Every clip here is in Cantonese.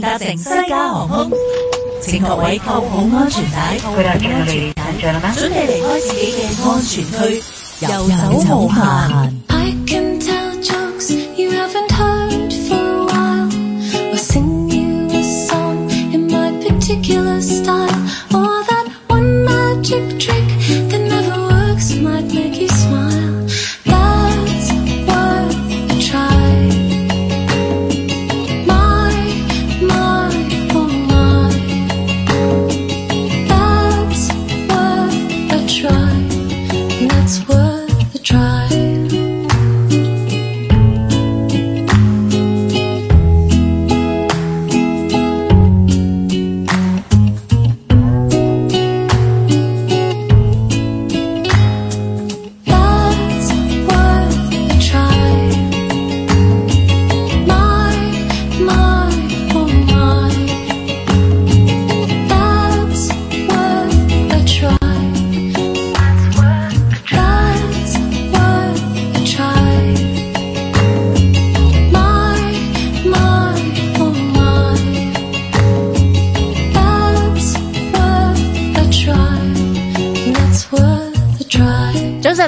搭乘西加航空，請各位扣好安全帶，扣好安全帶，準備離開自己嘅安全區，遊走無限。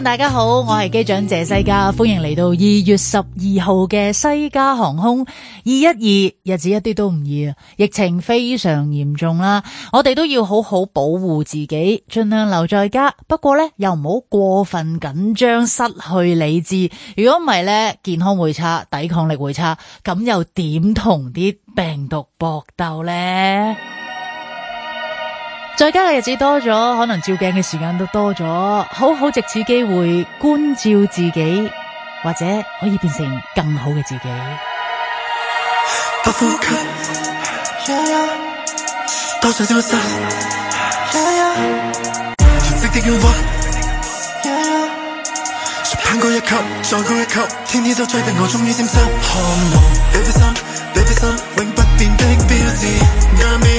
大家好，我係機長謝西加，歡迎嚟到二月十二號嘅西加航空二一二。日子一啲都唔易，疫情非常嚴重啦，我哋都要好好保護自己，盡量留在家。不過呢，又唔好過分緊張，失去理智。如果唔係呢，健康會差，抵抗力會差，咁又點同啲病毒搏鬥呢？在家嘅日子多咗，可能照鏡嘅時間都多咗，好好藉此機會觀照自己，或者可以變成更好嘅自己。不呼吸，多的攀高一級，再高一級，天天都追定我，終於汗心，心，永不變的標誌。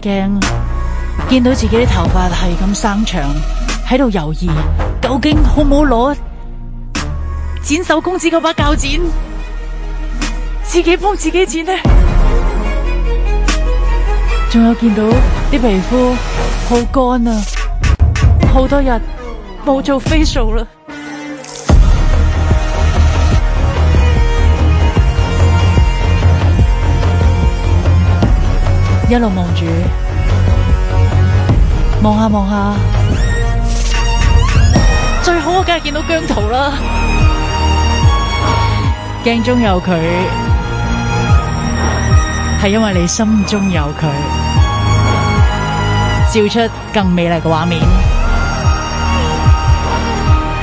驚見到自己啲頭髮係咁生長，喺度猶豫究竟好唔好攞剪手公子嗰把鉸剪，自己幫自己剪呢，仲有見到啲皮膚好乾啊，好多日冇做 facial 啦。一路望住，望下望下，最好的梗係見到姜濤啦。鏡中有佢，係因為你心中有佢，照出更美麗嘅畫面。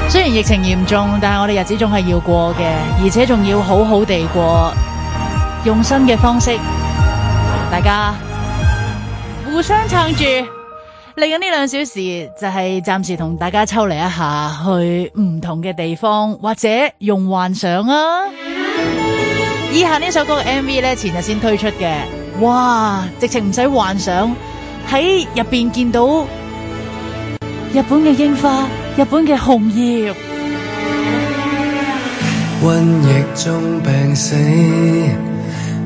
雖然疫情嚴重，但係我哋日子仲係要過嘅，而且仲要好好地過，用新嘅方式，大家。互相撐住，嚟緊呢兩小時就係暫時同大家抽離一下，去唔同嘅地方，或者用幻想啊。以下呢首歌嘅 MV 咧，前日先推出嘅。哇，直情唔使幻想，喺入邊見到日本嘅櫻花，日本嘅紅葉。瘟疫中病死。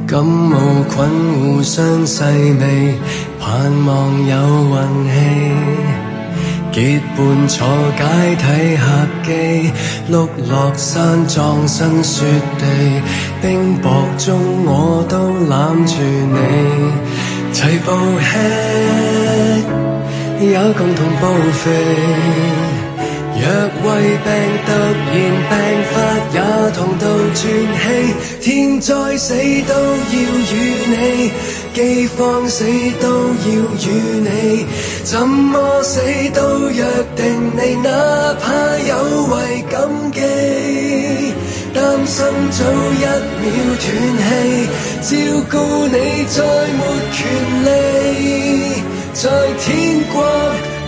感冒菌互相細味，盼望有運氣。結伴坐解體客機，碌落山葬身雪地，冰雹中我都攬住你，齊步吃，有共同報飛。若胃病突然病發，也同度喘氣；天災死都要與你，饑荒死都要與你，怎麼死都約定你，哪怕有違禁忌。擔心早一秒斷氣，照顧你再沒權利，在天國。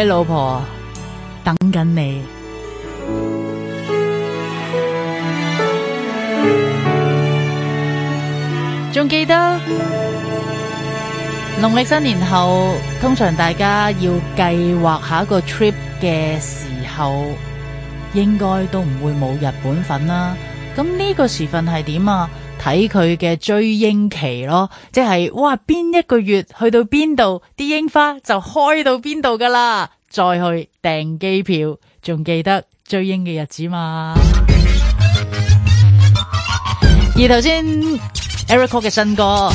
嘅老婆等緊你，仲記得農曆新年後，通常大家要計劃下一個 trip 嘅時候，應該都唔會冇日本粉啦。咁呢個時分係點啊？睇佢嘅追櫻期咯，即係哇邊一個月去到邊度，啲櫻花就開到邊度噶啦，再去訂機票，仲記得追櫻嘅日子嘛？ 而頭先 Erico 嘅新歌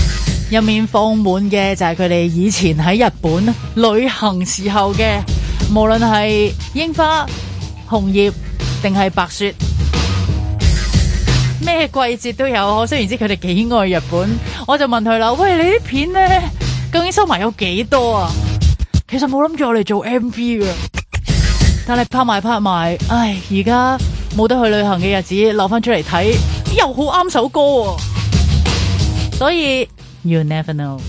入面放滿嘅就係佢哋以前喺日本旅行時候嘅，無論係櫻花、紅葉定係白雪。咩季節都有，我雖然知佢哋幾愛日本，我就問佢啦，喂，你啲片咧，究竟收埋有幾多啊？其實冇諗住我哋做 MV 噶，但係拍埋拍埋，唉，而家冇得去旅行嘅日子，留翻出嚟睇，又好啱首歌，啊，所以 You Never Know，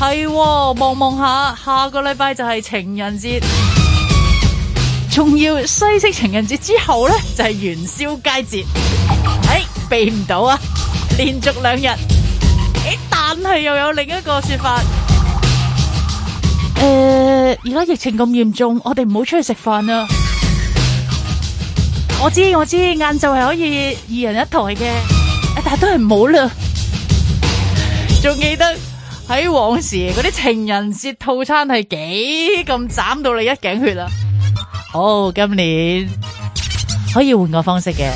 係、哦，望望下，下個禮拜就係情人節。仲要西式情人節之後咧，就係、是、元宵佳節，哎，避唔到啊！連續兩日，哎，但係又有另一個說法。誒、呃，而家疫情咁嚴重，我哋唔好出去食飯啊。我知我知，晏晝係可以二人一台嘅，但係都係唔好啦。仲記得喺往時嗰啲情人節套餐係幾咁斬到你一頸血啊！好，oh，今年可以換個方式嘅。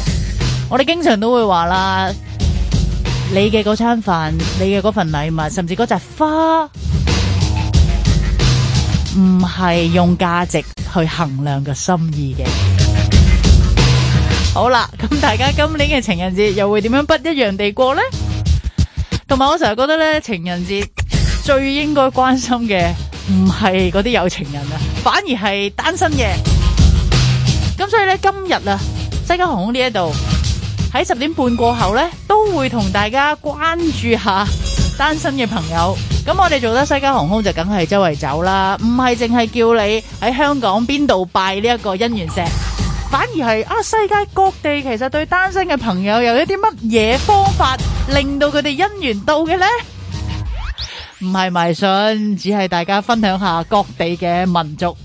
我哋經常都會話啦，你嘅嗰餐飯，你嘅嗰份禮物，甚至嗰扎花，唔係用價值去衡量個心意嘅。好啦，咁大家今年嘅情人節又會點樣不一樣地過呢？同埋我成日覺得咧，情人節最應該關心嘅唔係嗰啲有情人啊，反而係單身嘅。咁所以咧，今日啊，西加航空呢一度喺十點半過後咧，都會同大家關注下單身嘅朋友。咁我哋做得西加航空就梗係周圍走啦，唔係淨係叫你喺香港邊度拜呢一個姻緣石，反而係啊世界各地其實對單身嘅朋友有一啲乜嘢方法令到佢哋姻緣到嘅咧？唔係迷信，只係大家分享下各地嘅民族。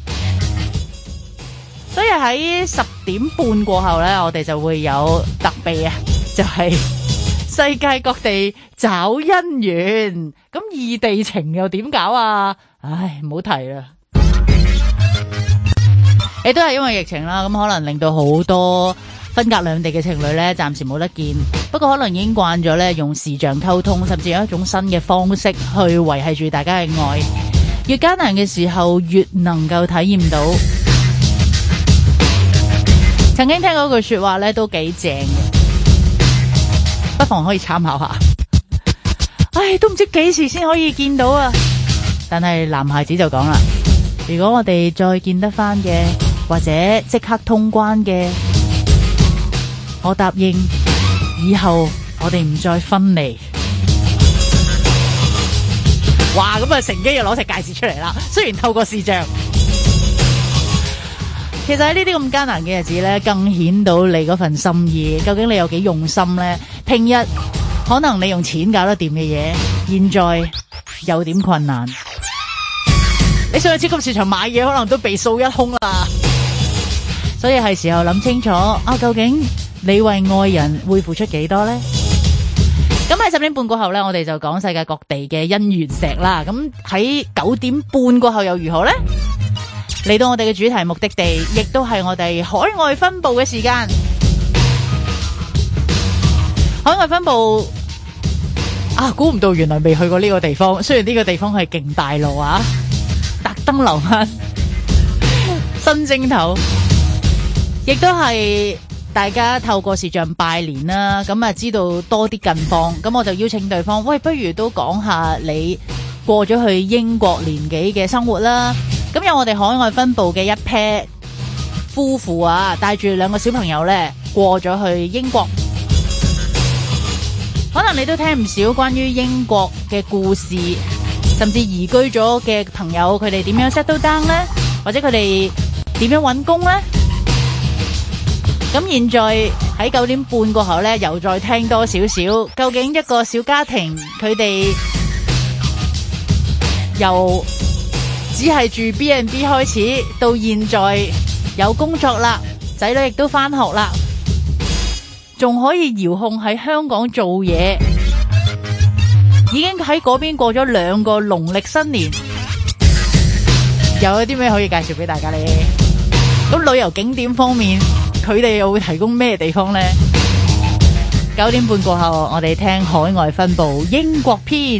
所以喺十點半過後咧，我哋就會有特備啊，就係世界各地找姻緣，咁異地情又點搞啊？唉，唔好提啦。亦，都係因為疫情啦，咁可能令到好多分隔兩地嘅情侶咧，暫時冇得見。不過可能已經慣咗咧，用視像溝通，甚至有一種新嘅方式去維繫住大家嘅愛。越艱難嘅時候，越能夠體驗到。曾經聽過句說話咧，都幾正嘅，不妨可以參考下。唉，都唔知幾時先可以見到啊！但係男孩子就講啦，如果我哋再見得翻嘅，或者即刻通關嘅，我答應以後我哋唔再分離。哇！咁啊，乘機又攞隻戒指出嚟啦，雖然透過視像。其實喺呢啲咁艱難嘅日子咧，更顯到你嗰份心意。究竟你有幾用心咧？聽日可能你用錢搞得掂嘅嘢，現在有點困難。你上去超級市場買嘢，可能都被掃一空啦。所以係時候諗清楚啊，究竟你為愛人會付出幾多咧？咁喺十點半過後咧，我哋就講世界各地嘅姻緣石啦。咁喺九點半過後又如何咧？嚟到我哋嘅主題目的地，亦都係我哋海外分部嘅時間。海外分部啊，估唔到原來未去過呢個地方，雖然呢個地方係勁大路啊，特登樓啊， 新蒸頭，亦都係大家透過視像拜年啦。咁啊，知道多啲近況。咁我就邀請對方，喂，不如都講下你過咗去英國年幾嘅生活啦。咁有我哋海外分部嘅一批夫婦啊，帶住兩個小朋友咧，過咗去英國。可能你都聽唔少關於英國嘅故事，甚至移居咗嘅朋友，佢哋點樣 settle down 呢？或者佢哋點樣搵工呢？咁現在喺九點半過後咧，又再聽多少少，究竟一個小家庭佢哋又？只係住 B&B 開始，到現在有工作啦，仔女亦都返學啦，仲可以遙控喺香港做嘢，已經喺嗰邊過咗兩個農曆新年，又有啲咩可以介紹俾大家呢？咁旅遊景點方面，佢哋又會提供咩地方呢？九點半過後，我哋聽海外分部英國篇。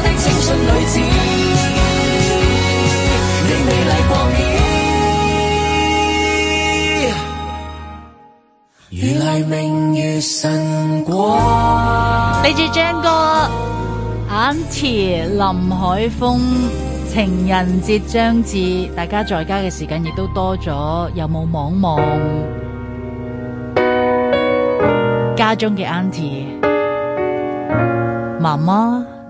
你未未光，光。住張哥，Auntie 林海峰，情人節將至，大家在家嘅時間亦都多咗，有冇望望家中嘅 Auntie 媽媽？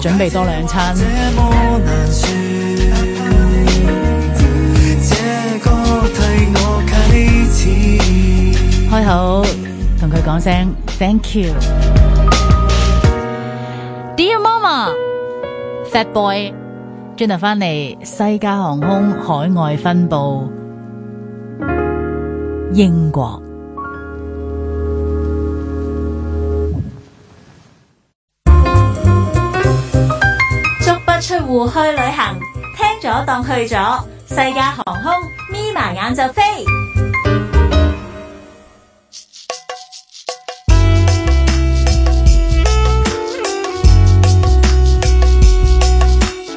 準備多兩餐，開口同佢講聲 Thank you，Dear Mama，Fat Boy，轉頭翻嚟西加航空海外分部英國。互去旅行，聽咗當去咗。世界航空眯埋眼就飛。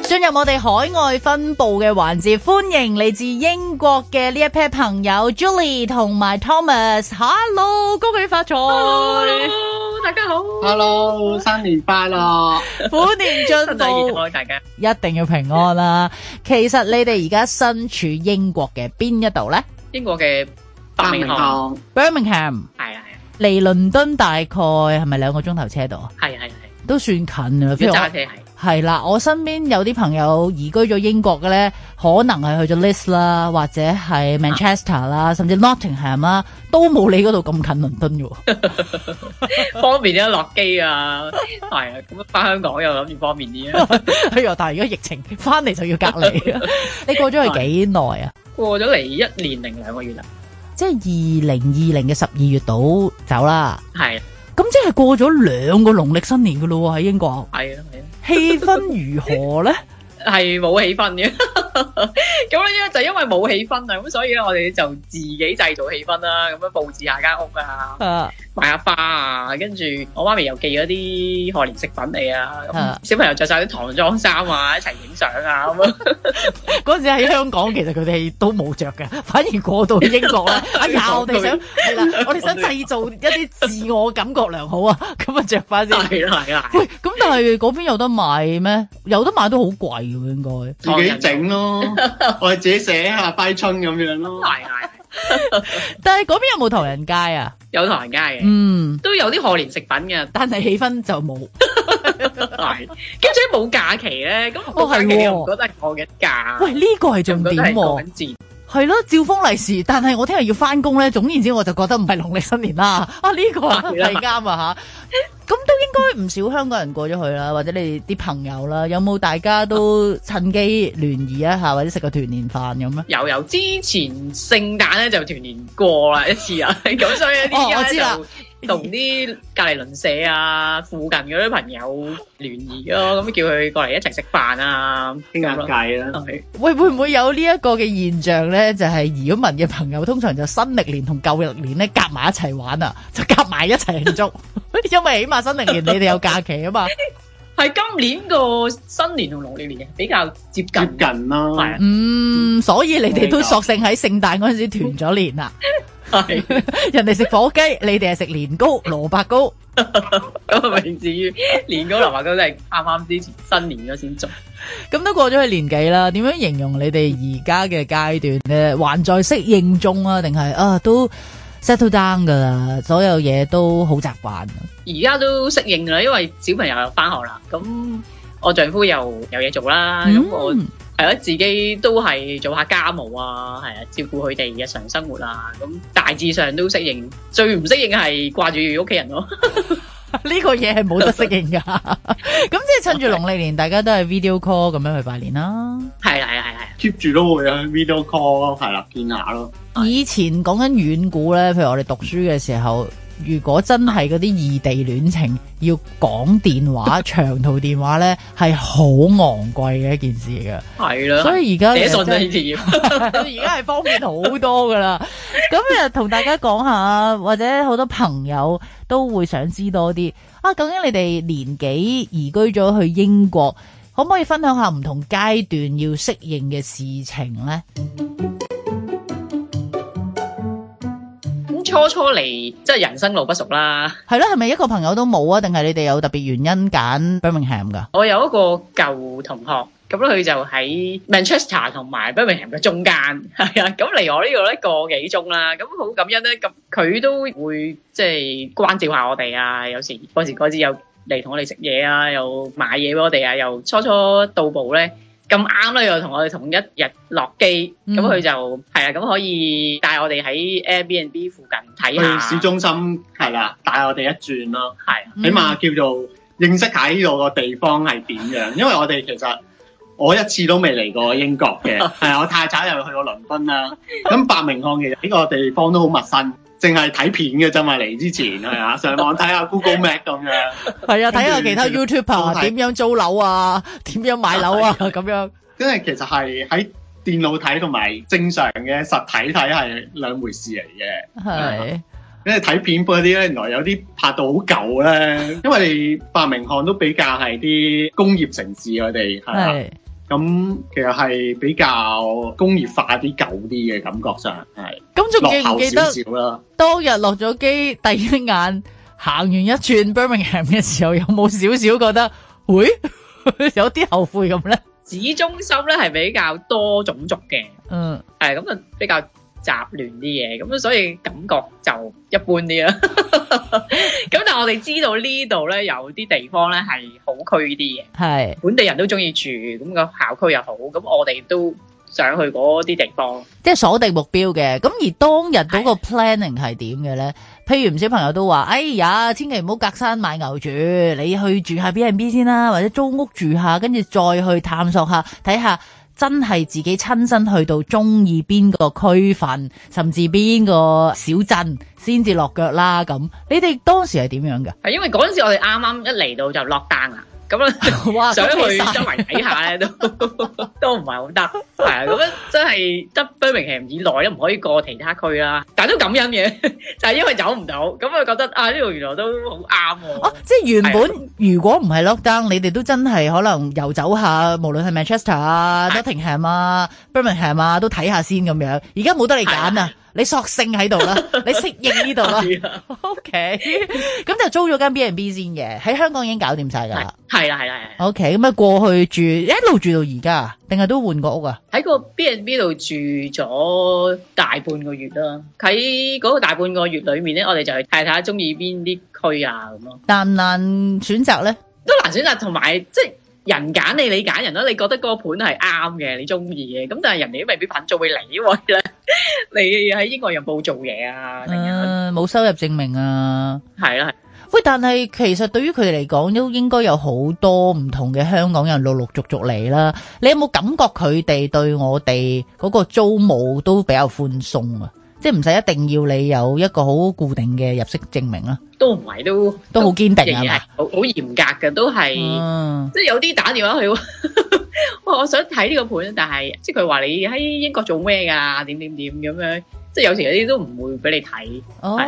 進入我哋海外分部嘅環節，歡迎嚟自英國嘅呢一批朋友，Julie 同埋 Thomas。Hello，恭喜發財！Hello. 大家好，Hello，新年快樂，虎 年進步，身體健康，大家一定要平安啦。其實你哋而家身處英國嘅邊一度咧？英國嘅伯明翰 Birmingham 係啊，係啊，嚟倫敦大概係咪兩個鐘頭車度啊？係係係，都算近啦，飛架車係。係啦，我身邊有啲朋友移居咗英國嘅咧，可能係去咗 List 啦，或者係 Manchester 啦、啊，甚至 Nottingham 啦，都冇你嗰度咁近倫敦喎。方便啲落機啊！係 啊，咁翻香港又諗住方便啲啊！哎呀，但係如果疫情翻嚟就要隔離， 你過咗去幾耐啊？過咗嚟一年零兩個月啦，即係二零二零嘅十二月度走啦。係，咁即係過咗兩個農曆新年噶咯喎，喺英國。係啊。氣氛如何呢？係冇氣氛嘅，咁 咧就因為冇氣氛啊，咁所以咧我哋就自己製造氣氛啦，咁樣佈置下間屋啊，啊買阿花啊，跟住我媽咪又寄咗啲賀年食品嚟啊，啊，小朋友着晒啲唐裝衫啊，一齊影相啊，咁嗰陣時喺香港其實佢哋都冇着㗎，反而過到英國呀。哎呀 我哋們想 啦，我哋想製造一啲自我感覺良好啊，咁啊着翻先，係啦係啦，喂咁但係嗰邊有得買咩？有得買都好貴。應該自己整咯， 我自己寫下 揮春咁樣咯。係， 但係嗰邊有冇唐人街啊？有唐人街嘅。嗯，都有啲賀年食品嘅，但係氣氛就冇。係， 兼且冇假期咧，咁我係唔覺得我嘅假、哦哦、假。喂，呢、這個係重點喎。係咯，照封利是，但係我聽日要翻工咧，總然之我就覺得唔係農曆新年啦。啊，呢、這個係啱啊吓，咁都應該唔少香港人過咗去啦，或者你哋啲朋友啦，有冇大家都趁機聯誼一下，或者食個團年飯咁咧？有有，之前聖誕咧就團年過啦一次啊，咁 所以呢、哦、我知啦。同啲隔籬鄰舍啊，附近嗰啲朋友聯誼咯，咁叫佢過嚟，一齊食飯啊，傾下偈啦。喂，會唔會有呢一個嘅現象咧？就係移民嘅朋友通常就新曆年同舊曆年咧夾埋一齊玩啊，就夾埋一齊捉，因為起碼新曆年你哋有假期啊嘛。係今年個新年同農曆年比較接近近啦。係。嗯，所以你哋都索性喺聖誕嗰陣時團咗年啦。係，人哋食火雞，你哋係食年糕、蘿蔔糕，咁未至於年糕、蘿蔔糕都係啱啱之前新年嗰時做，咁都過咗去年幾啦？點樣形容你哋而家嘅階段咧？還在適應中啊，定係啊都 settle down 噶啦？所有嘢都好習慣。而家都適應啦，因為小朋友又翻學啦，咁我丈夫又有嘢做啦，嗯。係咯，自己都係做下家務啊，係啊，照顧佢哋日常生活啊，咁大致上都適應。最唔適應係掛住屋企人咯，呢個嘢係冇得適應噶。咁即係趁住農曆年，大家都係 video call 咁樣去拜年啦、啊。係係係係，接住都會有 video call，係啦見下咯。以前講緊遠古咧，譬如我哋讀書嘅時候。如果真係嗰啲異地戀情要講電話、 長途電話呢，係好昂貴嘅一件事嘅。係啦，所以而家而家係方便好多㗎喇。咁啊，同大家講下，或者好多朋友都會想知多啲啊。究竟你哋年紀移居咗去英國，可唔可以分享下唔同階段要適應嘅事情呢？初初嚟，即係人生路不熟啦，係咯，係咪一個朋友都冇啊？定係你哋有特別原因揀 Birmingham 噶？我有一個舊同學，咁咧佢就喺 Manchester 同埋 Birmingham 嘅中間，係啊，咁嚟我呢度咧個幾鐘啦，咁好感恩咧，咁佢都會即係關照下我哋啊。有時嗰時嗰時又嚟同我哋食嘢啊，又買嘢俾我哋啊，又初初到步咧。咁啱咧又同我哋同一日落機，咁、嗯、佢就係啊咁可以帶我哋喺 Airbnb 附近睇下去市中心係啦、啊，帶我哋一轉咯，係、啊、起碼叫做認識下呢度個地方係點樣，因為我哋其實我一次都未嚟過英國嘅，係 啊，我太太又去過倫敦啦，咁 伯明翰其實呢個地方都好陌生。淨係睇片嘅咋嘛，嚟之前係啊，上網睇下 Google Map 咁樣，係 啊，睇下其他 YouTube 啊，點樣租樓啊，點樣買樓啊咁樣。因為其實係喺電腦睇同埋正常嘅實體睇係兩回事嚟嘅。係因為睇片嗰啲咧，原來有啲拍到好舊咧，因為你發明巷都比較係啲工業城市的，佢哋係。咁其實係比較工業化啲、舊啲嘅感覺上係，咁仲記唔記得當日落咗機第一眼行完一轉 Birmingham 嘅時候，有冇少少覺得會有啲後悔咁咧？市中心咧係比較多種族嘅，嗯，係咁就比較。雜亂啲嘢，咁所以感覺就一般啲啦。咁 但係我哋知道呢度呢，有啲地方呢係好區啲嘅，係本地人都中意住，咁個校區又好。咁我哋都想去嗰啲地方，即係鎖定目標嘅。咁而當日到個 planning 係點嘅呢？譬如唔少朋友都話：哎呀，千祈唔好隔山買牛住，你去住下 B&B 先啦，或者租屋住下，跟住再去探索下睇下。看看真係自己親身去到中意邊個區份，甚至邊個小鎮，先至落腳啦。咁你哋當時係點樣㗎？係因為嗰陣時我哋啱啱一嚟到就落單啦。咁啊，想去周圍睇下咧，都都唔係好得，係啊，咁真係得 Birmingham 以內都唔可以過其他區啦，但都感恩嘅，就係因為走唔到，咁我覺得啊呢度原來都好啱，哦、啊，即係原本如果唔係 lockdown，你哋都真係可能遊走下，無論係 Manchester 啊、Nottingham 啊、Birmingham 啊，啊都睇下先咁樣，而家冇得你揀啊。你索性喺度啦，你適應呢度啦。O K，咁就租咗間 B N B 先嘅，喺香港已經搞掂晒㗎啦。係啦，係啦，係。O K，咁啊過去住一路住到而家，定係都換過屋啊？喺個 B N B 度住咗大半個月啦。喺嗰個大半個月裏面咧，我哋就去睇睇下中意邊啲區啊咁咯。但唔難選擇咧？都難選擇，同埋即人揀你，你揀人啦。你覺得嗰個盤係啱嘅，你中意嘅，咁但係人哋都未必品做你呢位啦。你喺英國人報做嘢啊，冇收入證明啊，係啊。喂，但係其實對於佢哋嚟講都應該有好多唔同嘅香港人陸陸續續嚟啦。你有冇感覺佢哋對我哋嗰個租務都比較寬鬆啊？即係唔使一定要你有一個好固定嘅入息證明咯，都唔係都都好堅定係咪，好好嚴格嘅都係，即係有啲打電話去，我我想睇呢個盤，但係即係佢話你喺英國做咩噶？點點點咁樣，即係有時有啲都唔會俾你睇，係啊，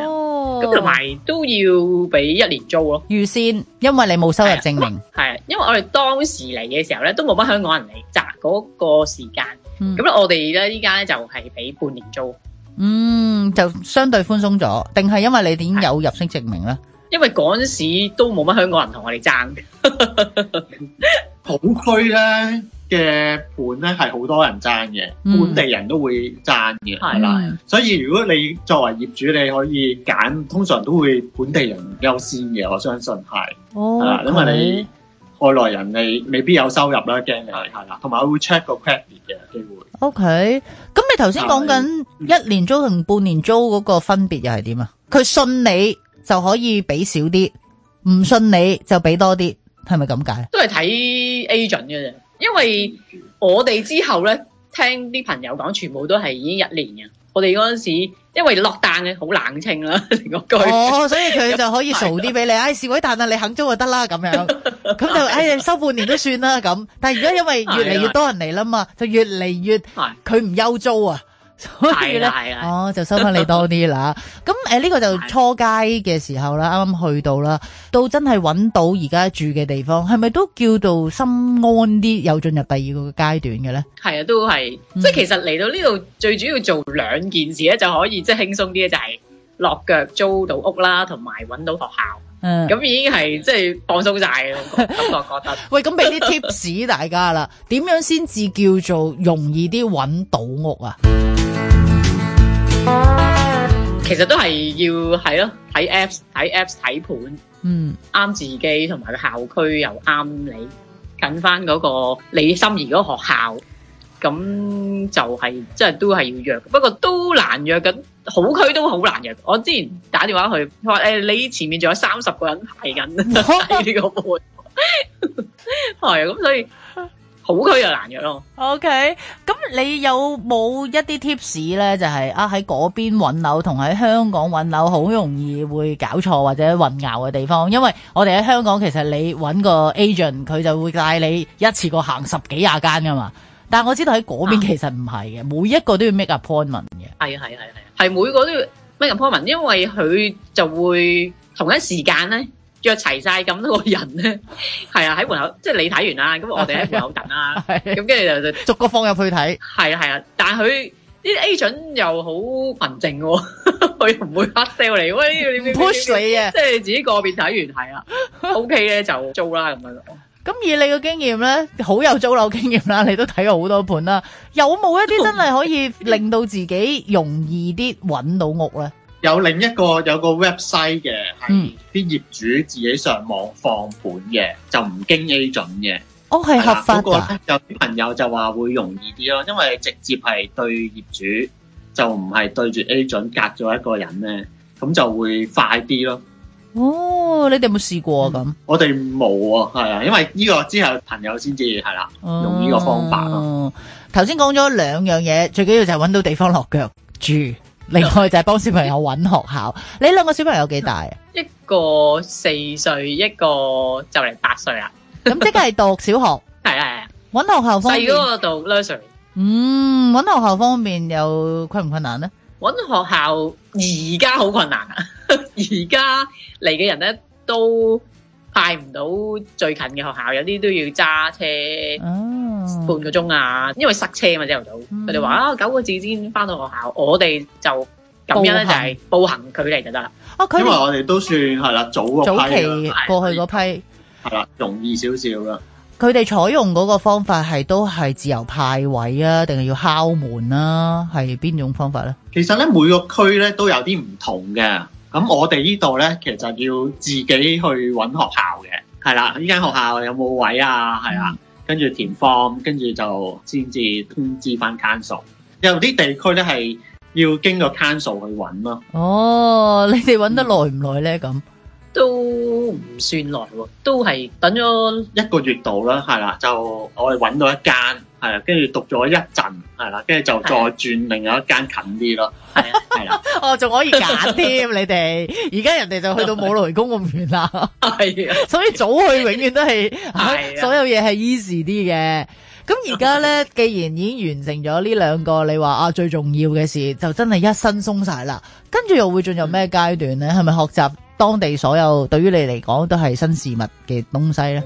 咁同埋都要俾一年租咯，預先，因為你冇收入證明，係，因為我哋當時嚟嘅時候咧都冇乜香港人嚟，擇嗰個時間，咁咧我哋咧依家咧就係俾半年租。嗯，就相對寬鬆咗，定係因為你點有入息證明咧？因為嗰時都冇乜香港人同我哋爭嘅，普區咧嘅盤咧係好多人爭嘅，本地人都會爭嘅係啦。所以如果你作為業主，你可以揀，通常都會本地人優先嘅，我相信係，啊、okay，因為你。外來人未未必有收入啦，驚嘅係啦，同埋會 check 個 credit 嘅機會。OK，咁你頭先講緊一年租同半年租嗰個分別又係點啊？佢信你就可以俾少啲，唔信你就俾多啲，係咪咁解？都係睇 agent 嘅啫，因為我哋之後咧。聽啲朋友講，全部都係已經一年呀，我哋嗰陣時，因為落單嘅好冷清啦，個句哦，所以佢就可以嘈啲俾你， 哎，試位但啊，你肯租就得啦，咁樣，咁 就哎呀， 收半年都算啦，咁。但係而家因為越嚟越多人嚟啦嘛， 就越嚟越佢唔憂租啊。所以咧，我、哦、就收翻你多啲啦。咁 誒，呢、哎呢個就初街嘅時候啦，啱啱去到啦，到真係揾到而家住嘅地方，係咪都叫做心安啲，有進入第二個階段嘅咧？係啊，都係、嗯，即係其實嚟到呢度最主要做兩件事咧，就可以即係輕鬆啲就係、是、落腳租到屋啦，同埋揾到學校。咁、嗯、已經係即係放鬆晒咁我覺得，喂，咁俾啲 tips 大家啦，點 樣先至叫做容易啲揾到屋啊？其實都係要係咯，睇 Apps，睇 Apps，睇盤，嗯，啱自己，同埋個校區又啱你，近翻嗰個你心儀嗰學校，咁就係、是，即係都係要約，不過都難約緊，好區都好難約。我之前打電話去，佢話誒，你前面仲有三十個人排緊呢個盤，係 啊， 咁所以。好區又難約咯。OK，咁你有冇一啲 tips 咧？就係啊喺嗰邊揾樓同喺香港揾樓好容易會搞錯或者混淆嘅地方，因為我哋喺香港其實你揾個 agent 佢就會帶你一次過行十幾廿間噶嘛。但係我知道喺嗰邊其實唔係嘅，每一個都要 make appointment 嘅。係啊係啊係係係每個都要 make appointment，因為佢就會同一時間咧。約齊晒咁多個人咧，係啊，喺門口，即係你睇完啦，咁我哋喺門口等啦，咁跟住就，就逐個放入去睇，係啊，係啊。但係佢呢啲 agent 又好文靜，佢 唔會 hard sell 嚟，喂，push 你嘅，即係你自己個別睇完係啊 ，OK 咧就租啦咁樣咯。咁 以你嘅經驗咧，好有租樓經驗啦，你都睇過好多盤啦，有冇一啲真係可以令到自己容易啲揾到屋咧？有另一個有一個 website 嘅，係啲業主自己上網放盤嘅，嗯，就唔經 a 準嘅。哦，係合法嘅，有、那、啲、個、朋友就話會容易啲咯，因為直接係對業主，就唔係對住 a 準隔咗一個人咧，咁就會快啲咯。哦，你哋有冇試過？咁我哋冇啊。係、嗯、啊，因為呢個之後朋友先至係啦，用呢個方法咯。頭先講咗兩樣嘢，最緊要就係搵到地方落腳住。另外就係幫小朋友搵學校， 你兩個小朋友幾大啊？一個四歲，一個就嚟八歲啦。咁 即係讀小學，係啊係啊。搵學校方面，細嗰個讀 nursery 嗯，搵學校方面有困唔困難咧？搵學校而家好困難啊！而家嚟嘅人咧都。派唔到最近嘅學校，有啲都要揸車，半個鐘啊，因為塞車嘛，朝頭早，佢哋話啊，九個字先翻到學校，我哋就咁樣咧就係、步行、步行距離就得啦。啊，佢因為我哋都算係啦、啊，早期早期過去嗰批，係啦，容易少少啦。佢哋採用嗰個方法係都係自由派位啊，定係要敲門啊，係邊種方法咧？其實咧每個區咧都有啲唔同嘅。咁我哋呢度咧，其實要自己去揾學校嘅，係啦，呢間學校有冇位啊？係啦，跟住填 form，跟住就先至通知翻 council。有啲地區咧係要經過 council 去揾咯。哦，你哋揾得耐唔耐咧？咁都唔算耐喎，都係等咗一個月度啦，係啦，就我哋揾到一間。係，跟住讀咗一陣，係啦，跟住就再轉另外一間近啲咯。係啊，係啦， 哦，仲可以揀添， 你哋而家人哋就去到冇雷公咁遠啦。係啊， 所以早去永遠都係、啊，所有嘢係 easy 啲嘅。咁而家咧，既然已經完成咗呢兩個，你話啊最重要嘅事，就真係一身鬆晒啦。跟住又會進入咩階段咧？係咪學習當地所有對於你嚟講都係新事物嘅東西咧？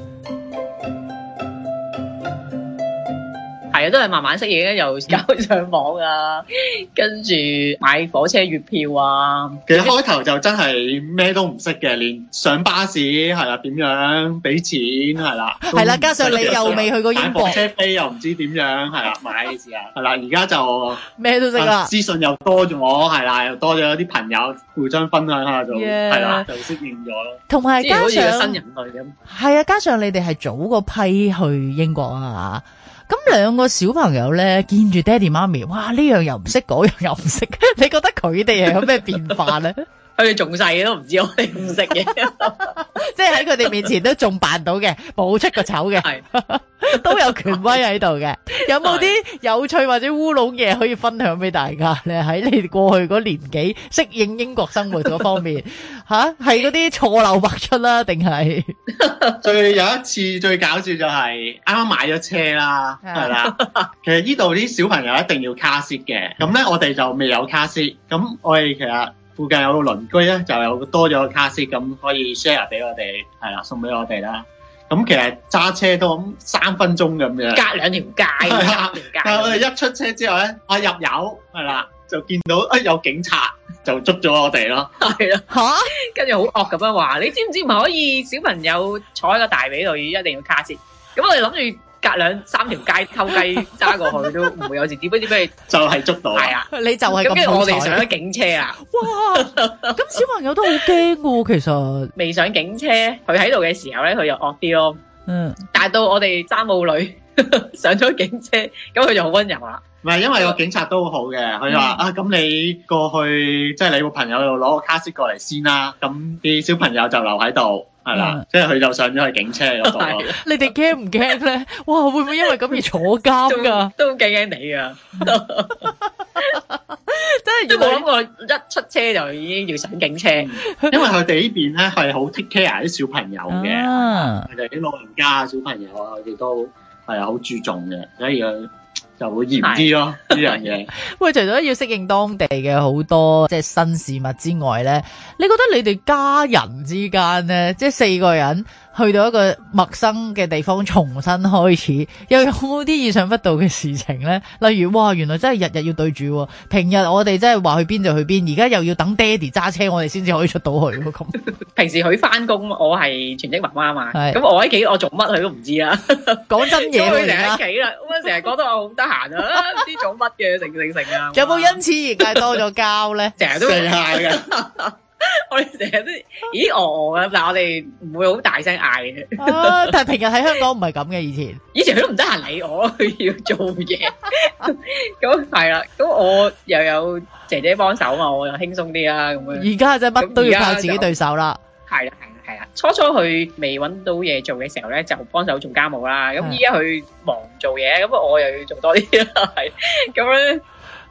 都係慢慢識嘢，又搞上網啊，跟住買火車月票啊。其實開頭就真係咩都唔識嘅，連上巴士係啦，點、啊、樣俾錢係啦，係啦、啊啊，加上你又未去過英國，火車飛又唔知點樣係啦、啊，買嘅時啊，係啦，而家就咩都識啦。資、啊、訊又多咗，我，係啦，又多咗啲朋友互相分享下就係啦、yeah. 啊，就適應咗咯。同埋加上好似新人類咁，係啊，加上你哋係早個批去英國啊嘛。咁兩個小朋友咧，見住爹哋媽咪，哇！呢樣又唔識，嗰樣又唔識， 你覺得佢哋係有咩變化咧？ 佢哋仲細都唔知我哋唔識嘅，即係喺佢哋面前都仲扮到嘅，冇 出過醜嘅， 是的笑都有權威喺度嘅。有冇啲有，有趣或者烏龍嘢可以分享俾大家咧？喺你過去嗰年紀適應英國生活嗰方面，吓係嗰啲錯漏百出啦，定係？ 最有一次最搞笑就係啱啱買咗車啦，係啦。 其實呢度啲小朋友一定要卡攝嘅，咁 咧我哋就未有卡攝，咁我哋其實。附近有個鄰居咧，就有多咗個卡色咁可以 share 俾我哋，係啦，送俾我哋啦。咁其實揸車都咁三分鐘咁樣，隔兩條街，隔兩條街。但係我哋一出車之後咧，我入油係啦，就見到啊有警察就捉咗我哋咯，係咯嚇，跟住好惡咁樣話，你知唔知唔可以小朋友坐喺個大髀度，一定要卡色。咁我哋諗住。隔兩三條街偷雞揸過去都唔會有事，只不過只就係、是、捉到，係、哎、啊，你就係咁。跟住我哋上咗警車啊、嗯，哇！咁小朋友都好驚噶，其實未上警車，佢喺度嘅時候咧，佢又惡啲咯。嗯，但係到我哋三母女上咗警車，咁佢就好溫柔啦。唔係，因為個警察都好嘅，佢、嗯、話啊，咁你過去，即、就、係、是、你個朋友又攞個卡士過嚟先啦。咁啲小朋友就留喺度。係啦、嗯，即係佢就上咗去警車嗰度。你哋驚唔驚咧？ 哇，會唔會因為咁而坐監噶？都驚驚㗎！噶， 真係都冇諗過一出車就已經要上警車。因為佢哋呢邊咧係好 take care 啲小朋友嘅，佢哋啲老人家、小朋友啊，佢哋都係好注重嘅，所以。就會嚴啲咯，呢樣嘢。喂，除咗要適應當地嘅好多即係新事物之外咧，你覺得你哋家人之間咧，即係四個人。去到一個陌生嘅地方重新開始，又有冇啲意想不到嘅事情咧？例如，哇，原來真係日日要對住、啊，平日我哋真係話去邊就去邊，而家又要等爹哋揸車，我哋先至可以出到去。咁平時佢翻工，我係全職媽媽啊嘛。咁我喺企我做乜佢都唔知啊。講真嘢，佢成日喺企啦，咁成日覺得我好得閒啊，唔知做乜嘅，成成成啊！ 有冇因此而嗌多咗交咧？成日都成日嘅。 我哋成日都咦餓餓啦！嗱，我哋唔會好大聲嗌嘅。但係平日喺香港唔係咁嘅，以前以前佢都唔得閒理我，佢要做嘢。咁係啦，咁我又有姐姐幫手嘛，我又輕鬆啲啦。咁樣而家啊，真係乜都要靠自己對手啦。係啦，係啦，係啦。初初佢未搵到嘢做嘅時候咧，就幫手做家務啦。咁依家佢忙做嘢，咁我又要做多啲啦係咁樣。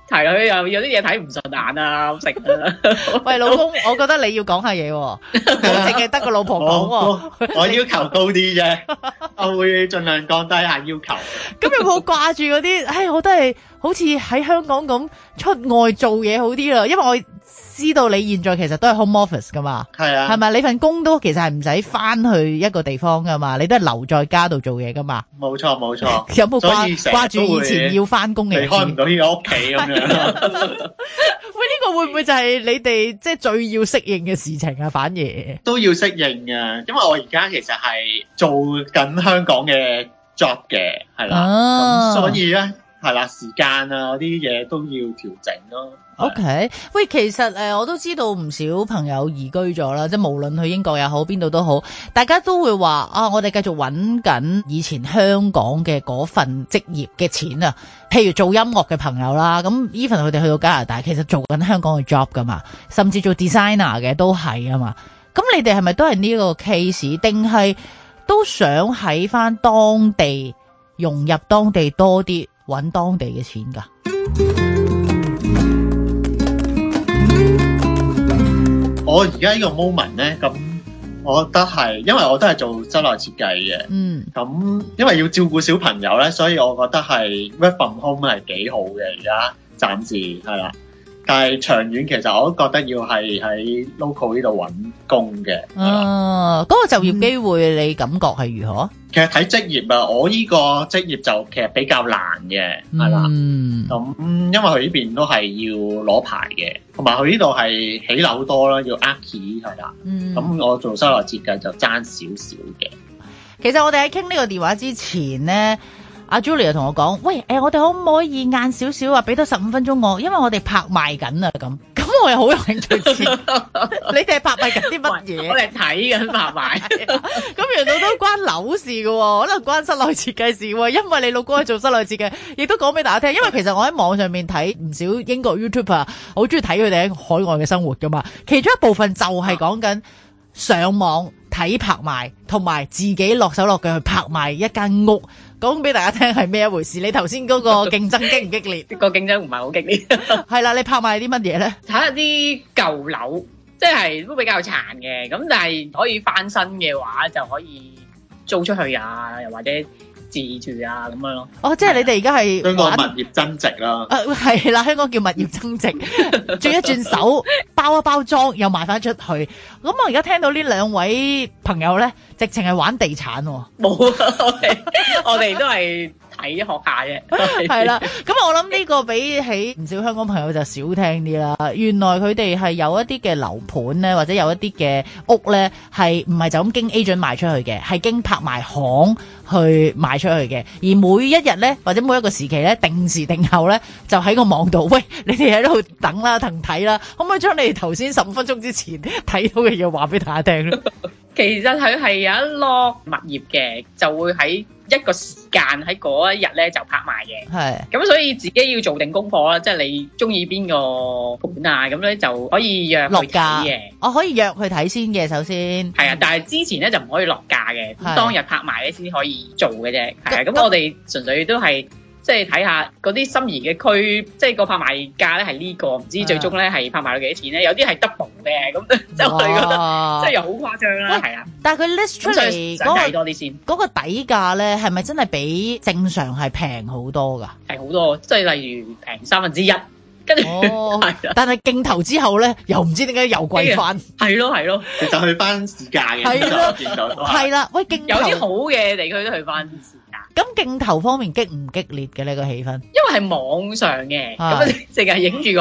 提佢又、啊、有啲嘢睇唔順眼啊，好食啊！ 喂， 老公，我覺得你要講下嘢喎、啊 啊，我淨係得個老婆講喎，我要求高啲啫， 我會盡量降低下要求。咁有冇掛住嗰啲？唉、哎，我都係。好似喺香港咁出外做嘢好啲喇，因為我知道你現在其實都係 home office 噶嘛，係啊，係咪？你份工都其實係唔使翻去一個地方噶嘛，你都係留在家度做嘢噶嘛。冇錯冇錯，錯 有冇掛掛住以前要翻工嘅？你離開唔到呢個屋企咁樣。喂，呢個會唔會就係你哋即係最要適應嘅事情啊？反而都要適應啊，因為我而家其實係做緊香港嘅 job 嘅，係啦，啊、所以咧。係啦，時間啊，嗰啲嘢都要調整咯、啊。OK 喂，其實誒，我都知道唔少朋友移居咗啦，即係無論去英國又好邊度都好，大家都會話啊。我哋繼續搵緊以前香港嘅嗰份職業嘅錢啊。譬如做音樂嘅朋友啦，咁 even 佢哋去到加拿大，其實做緊香港嘅 job 噶嘛，甚至做 designer 嘅都係啊嘛。咁你哋係咪都係呢個 case？定係都想喺翻當地融入當地多啲？揾當地嘅錢㗎。我而家呢個 moment 咧，咁我覺得係，因為我都係做室內設計嘅，嗯，咁因為要照顧小朋友咧，所以我覺得係 work from home 係幾好嘅。而家暫時係啦。但係長遠，其實我都覺得要係喺 local 呢度揾工嘅。哦、啊，嗰、那個就業機會、嗯、你感覺係如何？其實睇職業啊，我呢個職業就其實比較難嘅，係啦。咁、嗯嗯、因為佢呢邊都係要攞牌嘅，同埋佢呢度係起樓多啦，要 arch 係啦。咁、嗯、我做室內設計就爭少少嘅。其實我哋喺傾呢個電話之前咧。阿 Julie 又同我講：喂，誒，我哋可唔可以晏少少啊？俾多十五分鐘我，因為我哋拍賣緊啊，咁，咁我又好有興趣。 你哋拍賣緊啲乜嘢？我哋睇緊拍賣，咁、 嗯、原來都關樓事喎，可能關室內設計事，因為你老公係做室內設計，亦都講俾大家聽。因為其實我喺網上面睇唔少英國 YouTuber，好中意睇佢哋喺海外嘅生活噶嘛，其中一部分就係講緊上網睇拍賣，同埋自己落手落腳去拍賣一間屋。講俾大家聽係咩一回事？你頭先嗰個競爭激唔激烈？個競爭唔係好激烈，係啦。你拍賣啲乜嘢咧？睇下啲舊樓，即係都比較殘嘅，咁但係可以翻新嘅話就可以租出去啊，又或者。自住啊，咁樣咯，哦，即係你哋而家係香港物業增值啦，誒係啦，香港叫物業增值 轉一轉手，包一包裝，又賣翻出去。咁我而家聽到呢兩位朋友咧，直情係玩地產喎。哦，冇，我哋 都係睇學下啫，係 啦。咁我諗呢個比起唔少香港朋友就少聽啲啦。原來佢哋係有一啲嘅樓盤咧，或者有一啲嘅屋咧，係唔係就咁經 agent 賣出去嘅，係經拍賣行。去賣出去嘅，而每一日咧，或者每一個時期咧，定時定候咧，就喺個網度，喂，你哋喺度等啦、等睇啦，可唔可以將你頭先十五分鐘之前睇到嘅嘢話俾大家聽咧？其實佢係有一攞物業嘅，就會喺一個時間喺嗰一日咧就拍賣嘅。係咁，所以自己要做定功課啦，即係你中意邊個盤啊？咁咧就可以約去睇嘅。我可以約去睇先嘅，首先係啊，但係之前咧就唔可以落價嘅，咁當日拍賣咧先可以。做嘅啫，係啊，咁我哋純粹都係即係睇下嗰啲心儀嘅區，即係個拍賣價咧係呢個，唔知最終咧係拍賣到幾錢咧？有啲係 double 嘅，咁即係我哋覺得即係又好誇張啦，係啊！但係佢 list 出嚟多啲先嗰個底價咧，係咪真係比正常係平好多噶？係好多，即係例如平三分之一。哦、 oh， 但係鏡頭之後咧，又唔知點解又貴翻。係咯係咯， 就去翻時間嘅， 就見到啦，係啦，喂，勁有啲好嘅地區都去翻。咁鏡頭方面激唔激烈嘅呢個氣氛？因為係網上嘅，咁淨係影住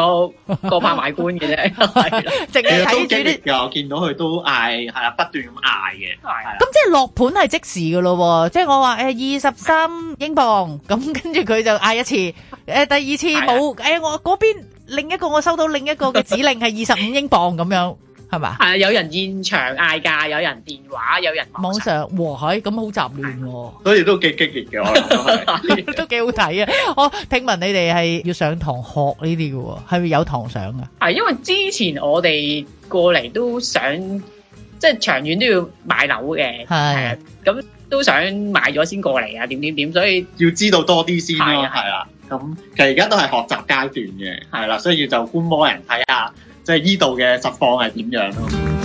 個個拍賣官嘅啫，淨係睇住啲。其實都激烈嘅，我見到佢都嗌，係啊，不斷咁嗌嘅。咁即係落盤係即時嘅咯，即係我話誒二十三英鎊，咁跟住佢就嗌一次，誒第二次冇，誒我嗰邊另一個我收到另一個嘅指令係二十五英鎊咁樣。係嘛？係有人現場嗌價，有人電話，有人網上和藹，咁好雜亂。所以都幾激烈嘅，都幾 好睇啊！我、 哦、聽聞你哋係要上堂學呢啲嘅，係咪有堂上啊？係因為之前我哋過嚟都想，即係長遠都要買樓嘅，係啊，咁都想買咗先過嚟啊！點點點，所以要知道多啲先啦，啊，係啦。咁其實而家都係學習階段嘅，係啦，所以就觀摩人睇下。即係呢度嘅實況係點樣咯？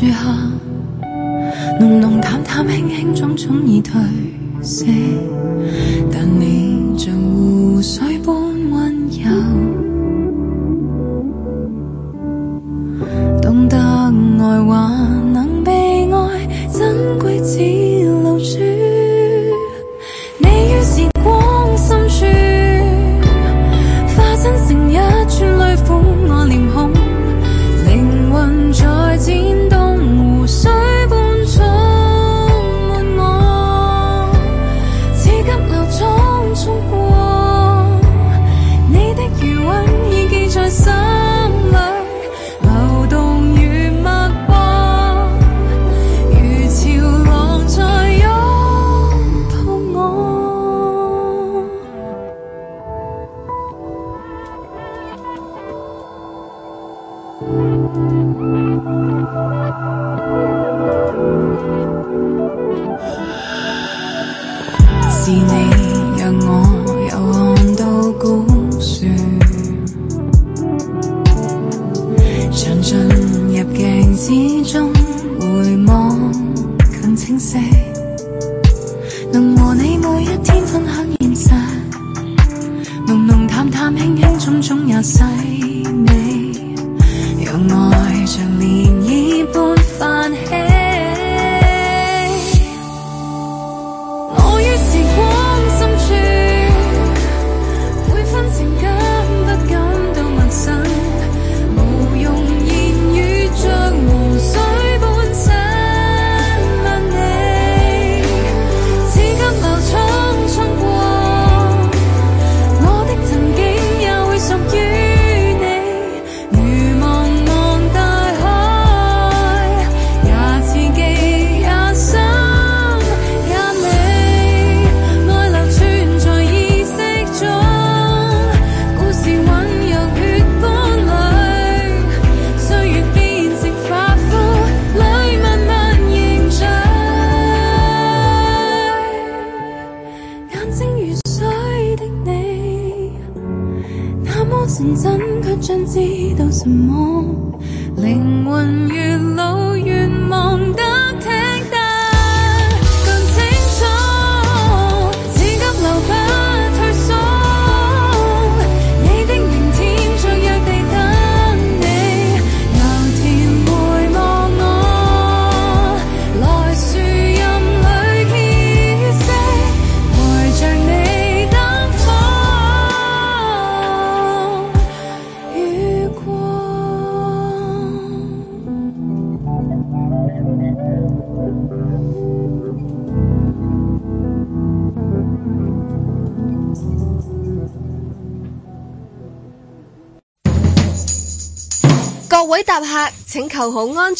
樹下，濃濃淡淡，輕輕重重已褪色。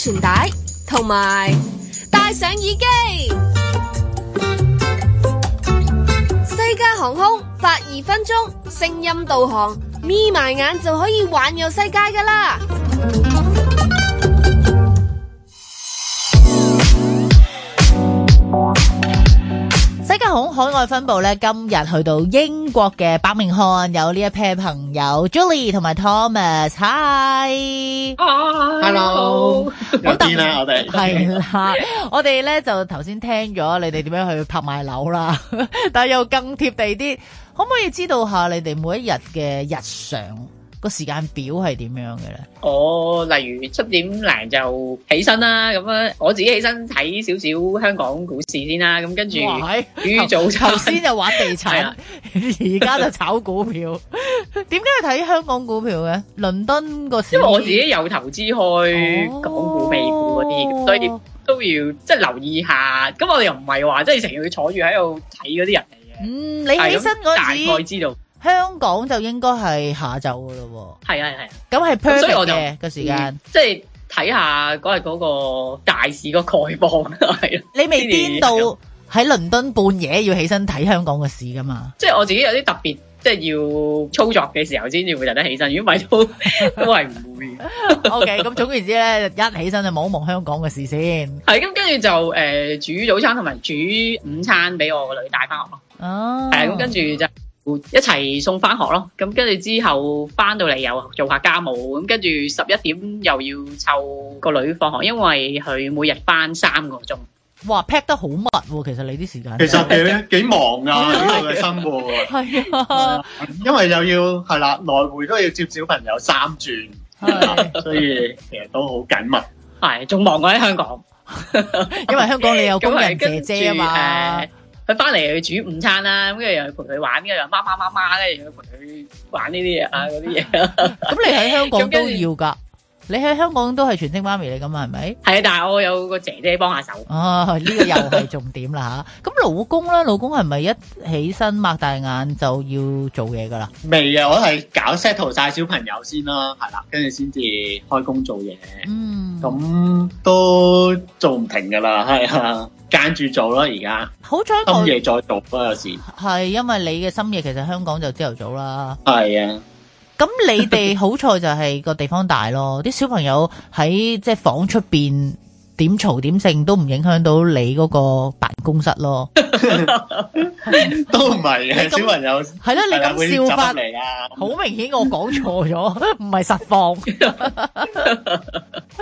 全帶同埋戴上耳機，西加航空發二分鐘聲音導航，眯埋眼就可以環遊世界噶啦。西加航空海外分布咧，今日去到英國嘅伯明翰有呢一批朋友，Julie 同埋 Thomas，Hi，Hello。好 癲啦！ 我哋係啦，我哋咧就頭先聽咗你哋點樣去拍賣樓啦，但係又更貼地啲，可唔可以知道下你哋每一日嘅日常？個時間表係點樣嘅咧？我例如七點零就起身啦，咁我自己起身睇少少香港股市先啦，咁跟住。早頭先就玩地產，而家就炒股票。點 解要睇香港股票嘅？倫 敦個市。因為我自己有投資去港股、美股嗰啲，所以都要即係、就是、留意下。咁我哋又唔係話即係成日要坐住喺度睇嗰啲人嚟嘅。嗯，你起身大概知道。香港就應該係下晝嘅咯喎，係啊係啊，咁係 perfect 嘅時間，嗯、即係睇下嗰日嗰個大市個概況、啊、你未癲到喺倫敦半夜要起身睇香港嘅事噶嘛？即係我自己有啲特別，即係要操作嘅時候先至會特登起身，如果唔係都都係唔會。OK，咁總而言之咧，一起身就望一望香港嘅事先。係咁，跟住就誒、呃、煮早餐同埋煮午餐俾我個女帶翻學咯。哦，係、oh. 咁、啊，跟住就。一齊送翻學咯，咁跟住之後翻到嚟又做下家務，咁跟住十一點又要湊個女放學，因為佢每日翻三個鐘，哇 pack 得好密，其實你啲時間其實幾幾忙噶呢個 生活啊，係啊，啊，因為又要係啦，來、啊、回都要接小朋友三轉、啊，所以其實都好緊密，係仲忙過喺香港， 因為香港你有工人姐姐啊嘛。翻嚟去煮午餐啦，咁跟住又陪佢玩，咁又媽媽媽媽咧，又去陪佢玩呢啲嘢啊，嗰啲嘢。咁 你喺香港都要噶，你喺香港都係全職媽咪嚟噶嘛？係咪？係啊，但係我有個姐姐幫下手。哦、啊，呢個又係重點啦吓。咁老公咧，老公係咪一起身擘大眼就要做嘢噶啦？未啊，我係搞 set 晒小朋友先啦，係啦，跟住先至開工做嘢。嗯。咁都做唔停噶啦，係啊。間住做咯，而家。好彩咁夜再做咯，有時。係因為你嘅深夜，其實香港就朝頭早啦。係啊。咁你哋 好彩就係個地方大咯，啲小朋友喺即係房出邊點嘈點靜都唔影響到你嗰個辦公室咯。 都唔係嘅，小朋友係啦、嗯，你咁笑返嚟啊？好明顯我講錯咗，唔 係實況。咁 呢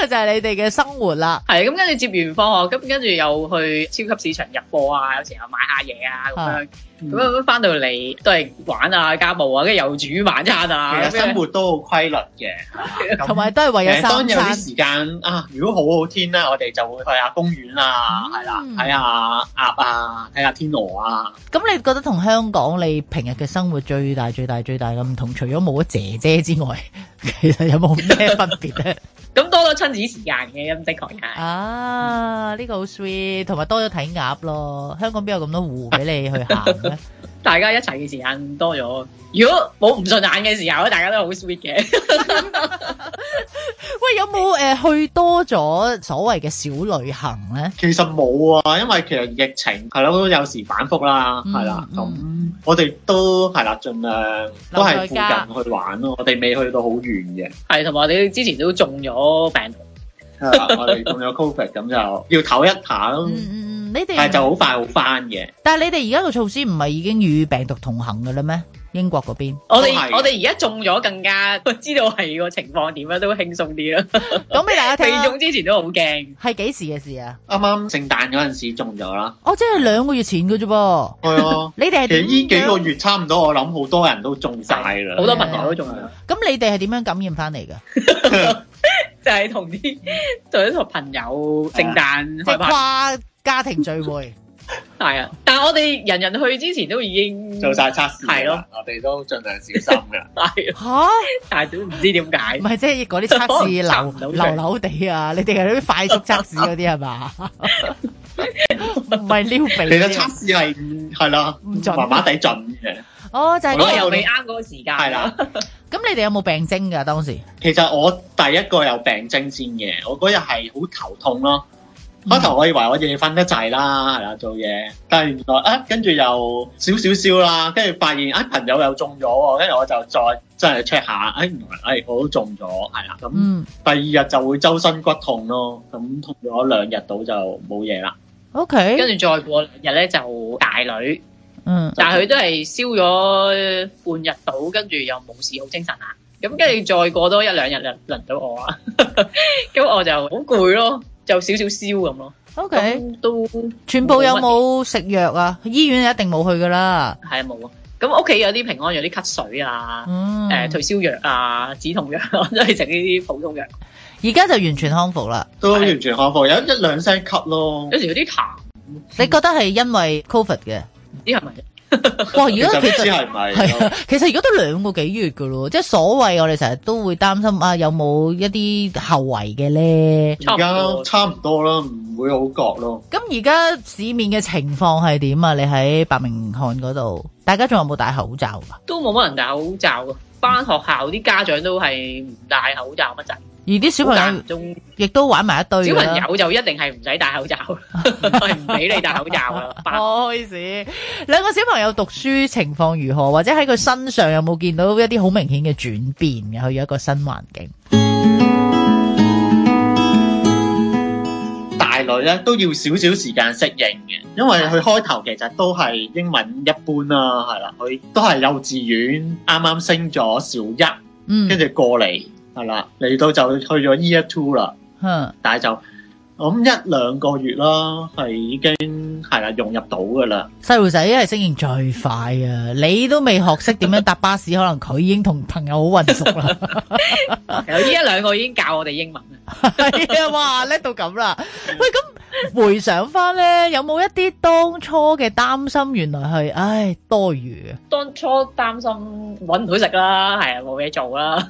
個就係你哋嘅生活啦。係咁，跟住接完放學，咁跟住又去超級市場入貨啊，有時候買下嘢啊咁樣。咁樣翻到嚟都係玩啊，家務啊，跟住又煮晚餐啊。其實生活都好規律嘅，同 埋都係為咗三餐。當有啲時間啊，如果好好天啦我哋就會去下公園啊，係、嗯、啦，睇下。哎鴨啊，睇下天鵝啊。咁你覺得同香港你平日嘅生活最大最大最大嘅唔同，除咗冇咗姐姐之外，其實有冇咩分別咧？咁 多咗親子時間嘅，咁的確係。啊，呢、這個好 sweet，同埋多咗睇鴨咯。香港邊有咁多湖俾你去行咧？ 大家一齊嘅時間多咗，如果冇唔順眼嘅時候，大家都好 sweet 嘅。 喂，有冇誒、呃、去多咗所謂嘅小旅行咧？其實冇啊，因為其實疫情係咯，都有時反覆啦，係啦，咁、嗯嗯嗯、我哋都係啦，盡量都係附近去玩咯。我哋未去到好遠嘅。係，同埋我哋之前都中咗病毒， 我哋中咗 COVID，咁就要唞一下咯。嗯嗯嗯你哋係就好快好翻嘅，但係你哋而家個措施唔係已經與病毒同行嘅啦咩？英國嗰邊，我哋我哋而家中咗更加知道係個情況點樣都會輕鬆啲啦。講 俾大家聽，未中之前都好驚，係幾時嘅事啊？啱啱聖誕嗰陣時中咗啦，我、哦、即係兩個月前嘅啫噃。係 啊，你哋係呢幾個月差唔多，我諗好多人都中晒啦，好多朋友都中啦。咁你哋係點樣感染翻嚟㗎？ Okay. 就係同啲同啲朋友，聖誕即係跨家庭聚會，係啊！但係我哋人人去之前都已經做晒測試啦，我哋都盡量小心㗎，係吓。但係都唔知點解，唔係即係嗰啲測試流唔到流流地啊！你哋係嗰啲快速測試嗰啲係嘛？唔係撩鼻。其實測試係係啦，麻麻地盡嘅。哦，的的 oh, 就係嗰、那個由、oh, not... 你啱嗰個時間。係啦。咁你哋有冇病徵噶當時？ 其實我第一個有病徵先嘅，我嗰日係好頭痛咯。開、嗯、頭我以為我夜瞓得滯、啊、啦，係啦做嘢，但係原來啊，跟住又少少燒啦，跟住發現啊、哎，朋友又中咗，跟住我就再真係 check 下，哎原來，哎我都中咗，係啦咁。第二日就會周身骨痛咯，咁痛咗兩日到就冇嘢啦。O K，跟住再過兩日咧就大女，嗯，但係佢都係燒咗半日到，跟住又冇事，好精神啊。咁跟住再過多一兩日啊，就輪到我啊，咁我就好攰咯，就少少燒咁咯。O K，都全部有冇食藥啊？醫院一定冇去噶啦，係啊冇啊。咁屋企有啲平安藥，啲咳水啊，誒退燒藥啊，止痛藥，都係食呢啲普通藥。而家就完全康復啦，都完全康復，有一兩聲咳咯。有時有啲痰，你覺得係因為 Covid 嘅，唔知係咪？哇、 哦！而家其實係啊，其實而家 都兩個幾月噶咯，即係所謂我哋成日都會擔心啊，有冇一啲後遺嘅咧？而家差唔多啦，唔會好覺咯。咁而家市面嘅情況係點啊？你喺白明翰嗰度，大家仲有冇戴口罩啊？都冇乜人戴口罩，翻學校啲家長都係唔戴口罩乜滯。而啲小朋友仲亦都玩埋一堆。小朋友就一定係唔使戴口罩，係唔俾你戴口罩啦。開始兩個小朋友讀書情況如何，或者喺佢身上有冇見到一啲好明顯嘅轉變嘅去一個新環境。大女呢都要少少時間適應嘅，因為佢開頭其實都係英文一般啦，係啦，佢都係幼稚園啱啱升咗小一，嗯，跟住過嚟。係啦，嚟到就去咗 Year Two 啦，huh. 但係就。咁一兩個月啦，係已經係啦、啊、融入到噶啦。細路仔係適應最快啊！ 你都未學識點樣搭巴士，可能佢已經同朋友好混熟啦。有 依一兩個已經教我哋英文啊，係 啊，哇叻到咁啦！ 喂，咁回想翻咧，有冇一啲當初嘅擔心，原來係唉多餘？當初擔心揾唔到食啦，係啊，冇嘢做啦，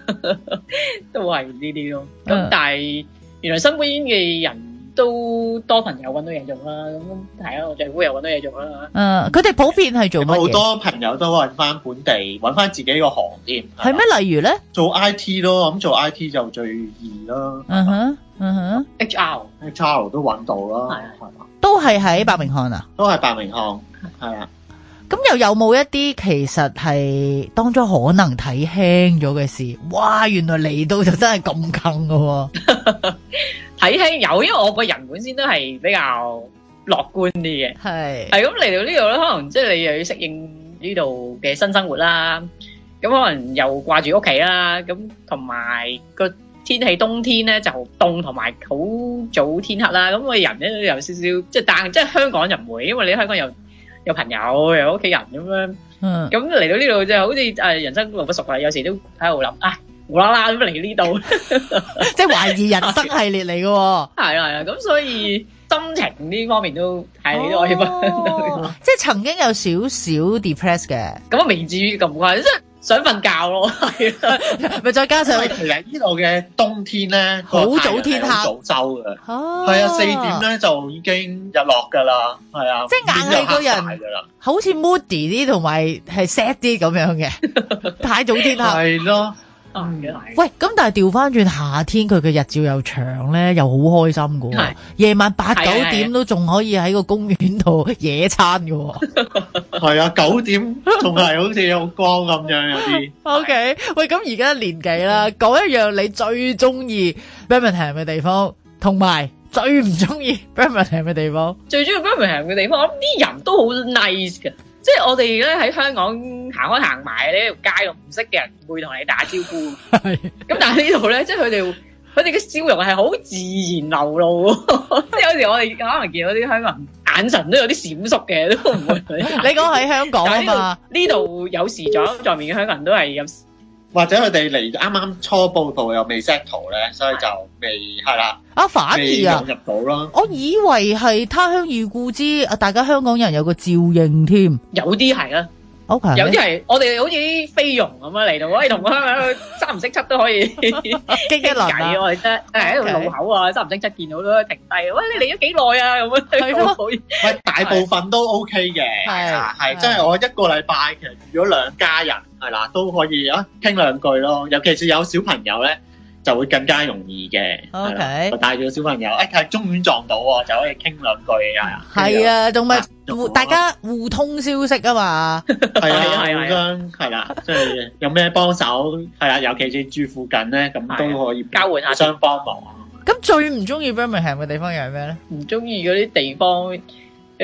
都係呢啲咯。咁但係原來身邊嘅人。都多朋友揾到嘢做啦、啊，咁係啊，我丈夫又揾到嘢做啦、啊。嗯，佢哋普遍係做乜？好多朋友都揾翻本地，揾翻自己個行業。係咩？例如咧？做 I T 咯，咁做 I T 就最易啦。嗯哼，嗯哼，H R，H R 都揾到啦。係啊，係嘛。都係喺伯明翰啊？都係伯明翰，係啊。咁又有冇一啲其實係當初可能睇輕咗嘅事？哇！原來嚟到就真係咁近嘅喎，睇輕有，因為我個人本身都係比較樂觀啲嘅。係係咁嚟到呢度咧，可能即係你又要適應呢度嘅新生活啦。咁可能又掛住屋企啦。咁同埋個天氣冬天咧就凍，同埋好早天黑啦。咁個人咧都有少少即係，但係即係香港就唔會，因為你香港又。有朋友，有屋企人咁樣，咁嚟到呢度就好似誒人生路不熟啦，有時都喺度諗啊，無啦啦咁嚟呢度， 即係懷疑人生系列嚟㗎喎。係 啊，係啊，咁所以。心情呢方面都係幾內鬱，即係曾經有少少 depressed 嘅，咁啊未至於咁關，即係想瞓覺咯。係啊，咪再加上其實呢度嘅冬天咧，好早天黑，好早收嘅，係啊，四點咧就已經日落噶啦，係啊，即係硬係個人好似 moody 啲同埋係 sad 啲咁樣嘅，太早天黑係咯。嗯、喂，咁但係調翻轉夏天，佢嘅日照又長咧，又好開心噶。夜晚八九點都仲可以喺個公園度野餐噶。係啊，九點仲係好似有光咁樣有啲。OK，喂，咁而家年紀啦，講一樣你最中意 Birmingham 嘅地方，同埋最唔中意 Birmingham 嘅地方。最中意 Birmingham 嘅地方，我諗啲人都好 nice 㗎。即係我哋而家喺香港行開行埋呢條街度，唔識嘅人唔會同你打招呼。咁， 但係呢度咧，即係佢哋，佢哋嘅笑容係好自然流露。 即係有時我哋可能見到啲香港人眼神都有啲閃縮嘅，都唔會。 你講喺香港啊嘛？呢度 有時在在面嘅香港人都係有或者佢哋嚟啱啱初報道又未 set 圖呢，所以就未係啦。阿、啊、反而啊，入到啦。我以為係他鄉遇故知，大家香港人有個照應添。有啲係啊。Okay, 有啲係我哋好似啲菲傭咁啊嚟到，喂，同我喺三唔識七都可以傾 偈、啊，我哋得係喺度路口啊，三唔識七見到都停低，喂，你嚟咗幾耐啊？咁樣都可以，喂，大部分都 OK 嘅，係 啊，係，即係我一個禮拜其實遇咗兩家人，係啦，都可以啊傾兩句咯，尤其是有小朋友咧。就會更加容易嘅。我帶住個小朋友，哎、欸，喺中院撞到喎，就可以傾兩句啊。係啊，仲係大家互通消息啊嘛。係啊，互相係啦，即係 有咩幫手，係啊，尤其是住附近咧，咁都可以交換下相幫忙。咁最唔中意 b e r n a 行嘅地方又係咩咧？唔中意嗰啲地方。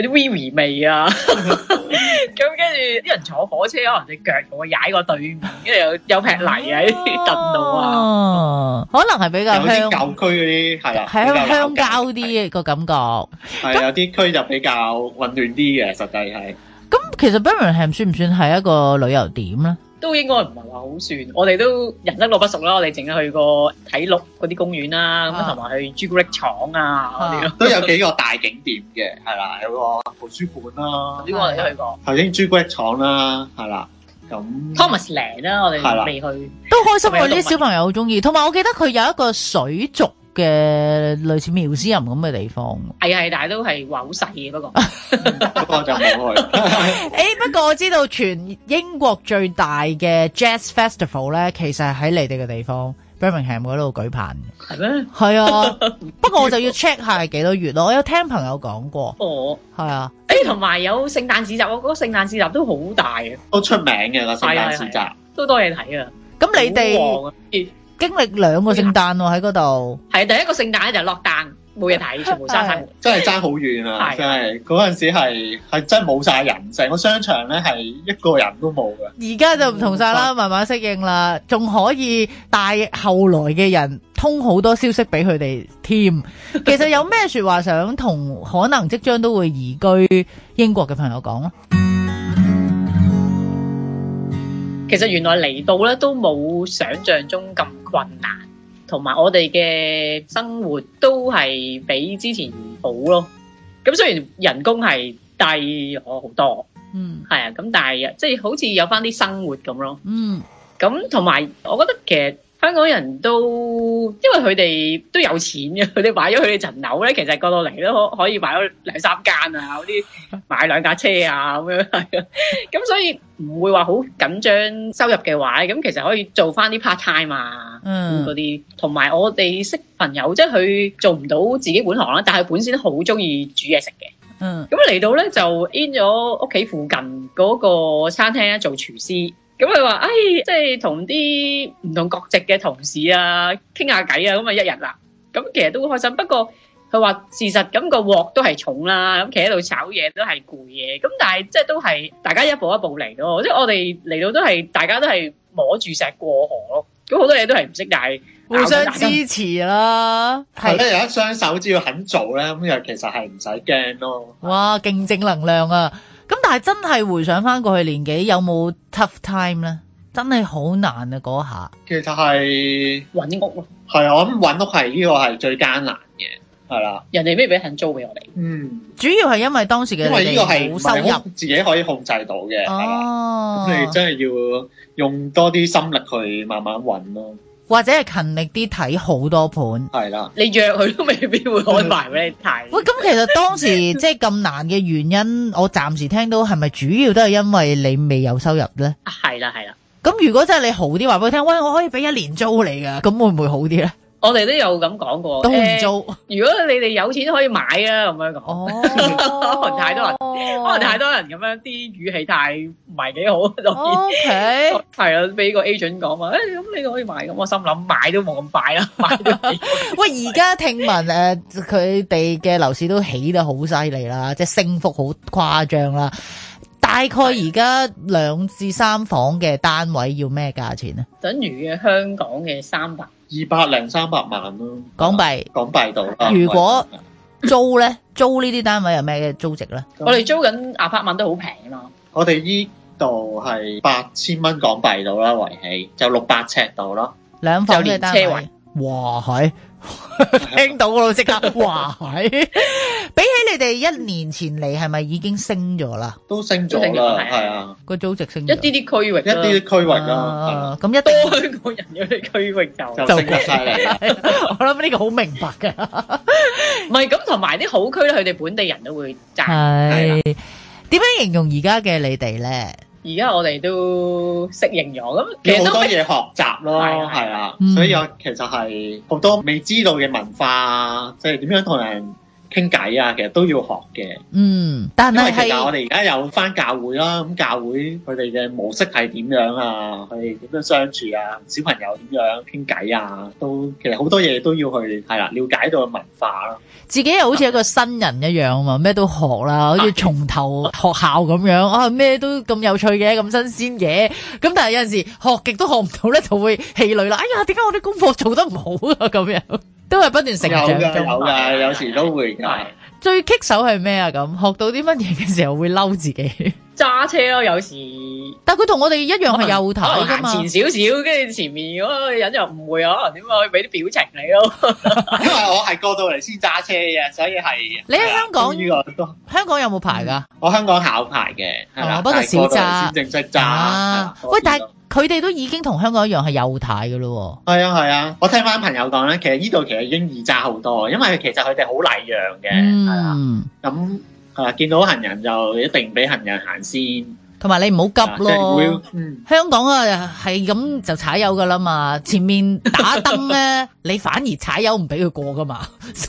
有啲微微味啊，咁跟住啲人坐火車可能隻腳我踩過對面，跟住有有劈泥喺凳度啊，可能係比較有啲舊區嗰啲係啦，係香郊啲個感覺，咁有啲區就比較混亂啲嘅，實際係。咁其實 Birmingham 算唔算係一個旅遊點咧？都應該唔係話好算，我哋都人生路不熟啦，我哋淨係去過睇鹿嗰啲公園啦，咁同埋去朱古力廠啊，啊，都有幾個大景點嘅。係 啦，有個圖書館啦、啊，呢、這個我哋都去過，頭先朱古力廠啦、啊，係啦，咁 Thomas 零啦，我哋未去，都開心喎，啲小朋友好中意，同埋我記得佢有一個水族。嘅類似 Museum 咁嘅地方，係係，但係都係話好細嘅，不過不過 就冇去 欸。不過我知道全英國最大嘅 Jazz Festival 咧，其實喺你哋嘅地方，Birmingham 嗰度舉辦。係咩？係啊， 不過我就要 check 下係幾多月咯。 我有聽朋友講過。哦，係啊。同、欸、埋有聖誕市集，我覺得聖誕市集都好大嘅、啊，都出名嘅、嗰個、聖誕市集係係係，都多嘢睇啊。咁你哋？經歷兩個聖誕喎，喺嗰度係第一個聖誕就落單，冇嘢睇，全部沙沙。真係爭好遠啊！真係嗰陣時係係真冇晒人，成個商場咧係一個人都冇嘅。而家就唔同晒啦，慢慢適應啦，仲可以帶後來嘅人通好多消息俾佢哋添。其實有咩說話想同可能即將都會移居英國嘅朋友講咧？其實原來嚟到咧都冇想象中咁困難，同埋我哋嘅生活都係比之前好咯。咁雖然人工係低咗好多，嗯，係啊，咁但係即係好似有翻啲生活咁咯。嗯，咁同埋我覺得其實。香港人都，因為佢哋都有錢嘅，佢哋買咗佢哋層樓咧，其實過到嚟都可可以買咗兩三間啊，嗰啲買兩架車啊咁樣，係呀，咁所以唔會話好緊張收入嘅話，咁其實可以做翻啲 part time 啊，咁嗰啲，同埋我哋識朋友，即係佢做唔到自己本行啦，但係本身好中意煮嘢食嘅，嗯，咁嚟到咧就 in 咗屋企附近嗰個餐廳做廚師。咁佢話，誒，即係同啲唔同國籍嘅同事啊，傾下偈啊，咁啊一日啦。咁其實都好開心，不過佢話事實咁個鑊都係重啦，咁企喺度炒嘢都係攰嘢。咁但係即係都係大家一步一步嚟咯，即係我哋嚟到都係大家都係摸住石過河咯。咁好多嘢都係唔識，但係互相支持啦。係咧，有一雙手只要肯做咧，咁又其實係唔使驚咯。哇，勁正能量啊！咁但係真係回想翻過去年紀有冇 tough time 咧？真係好難啊！嗰下其實係搵屋咯，係啊，我諗搵屋係呢個係最艱難嘅，係啦，人哋未必肯租俾我哋？嗯，主要係因為當時嘅因為呢個係好收入，自己可以控制到嘅，係、啊、嘛？咁你真係要用多啲心力去慢慢搵咯。或者係勤力啲睇好多盤，係啦，你約佢都未必會安排俾你睇。喂，咁其實當時即係咁難嘅原因， 我暫時聽到係咪主要都係因為你未有收入咧？係啦係啦。咁如果真係你好啲話俾佢聽，喂，我可以俾一年租你噶，咁會唔會好啲呢？我哋都有咁講過，都唔租。如果你哋有錢可以買啊，咁樣講。哦，可能太多人，可能太多人，咁樣啲語氣太唔係幾好。OK，係啊，俾個 agent 講話，誒，咁你可以買咁，我心諗買都冇咁快啦。買都，喂，而家聽聞誒佢哋嘅樓市都起得好犀利啦，即係升幅好誇張啦。大概而家兩至三房嘅單位要咩價錢呢？等於嘅香港嘅三百。二百零三百萬咯、啊，港幣、啊，港幣到、啊。如果租咧， 租呢啲單位有咩嘅租值咧？我哋租緊阿八萬都好平咯。我哋依度係八千蚊港幣到啦，圍起就六百尺到咯，兩房嘅單位。車哇，係。 聽到我老即刻哇！ 比起你哋一年前嚟，係咪已經升咗啦？都升咗啦，係啊，個租值升咗一啲啲區域，一啲啲區域啦。咁、啊、一多香港人啲區域就就升晒嚟。 我諗呢個好明白嘅，唔係咁同埋啲好區佢哋本地人都會賺。係點、啊啊、樣形容而家嘅你哋咧？而家我哋都適應咗，咁其實好多嘢學習咯。係啊、嗯，所以我其實係好多未知道嘅文化，即係點樣同人。傾偈啊，其實都要學嘅。嗯，但係係我哋而家有翻教會啦，咁教會佢哋嘅模式係點樣啊？佢哋點樣相處啊？小朋友點樣傾偈啊？都其實好多嘢都要去係啦，了解到個文化咯。自己又好似一個新人一樣啊，咩都學啦，好似從頭學校咁樣啊，咩都咁有趣嘅，咁新鮮嘅。咁但係有陣時學極都學唔到咧，就會氣餒啦。哎呀，點解我啲功課做得唔好啊？咁樣都係不斷成長。有噶有噶，有時都會。 最棘手係咩啊？咁學到啲乜嘢嘅時候會嬲自己？揸車咯，有時，但佢同我哋一樣係右軚噶嘛，前少少，跟住前面個人又誤會，可能點解可以俾啲表情你咯。 因為我係過到嚟先揸車嘅，所以係你喺香港、呃、香港有冇牌噶？我香港考牌嘅，係嘛？不、哦、過少揸，正式揸。喂，但佢哋都已經同香港一樣係右軚嘅咯。係啊係啊，啊，我聽翻朋友講咧，其實呢度其實已經易揸好多，因為其實佢哋好禮讓嘅，嗯。啊咁。嗯。啊！見到行人就一定俾行人行先，同埋你唔好急咯。香港啊，係咁就踩油噶啦嘛。前面打燈呢，你反而踩油唔俾佢過噶嘛。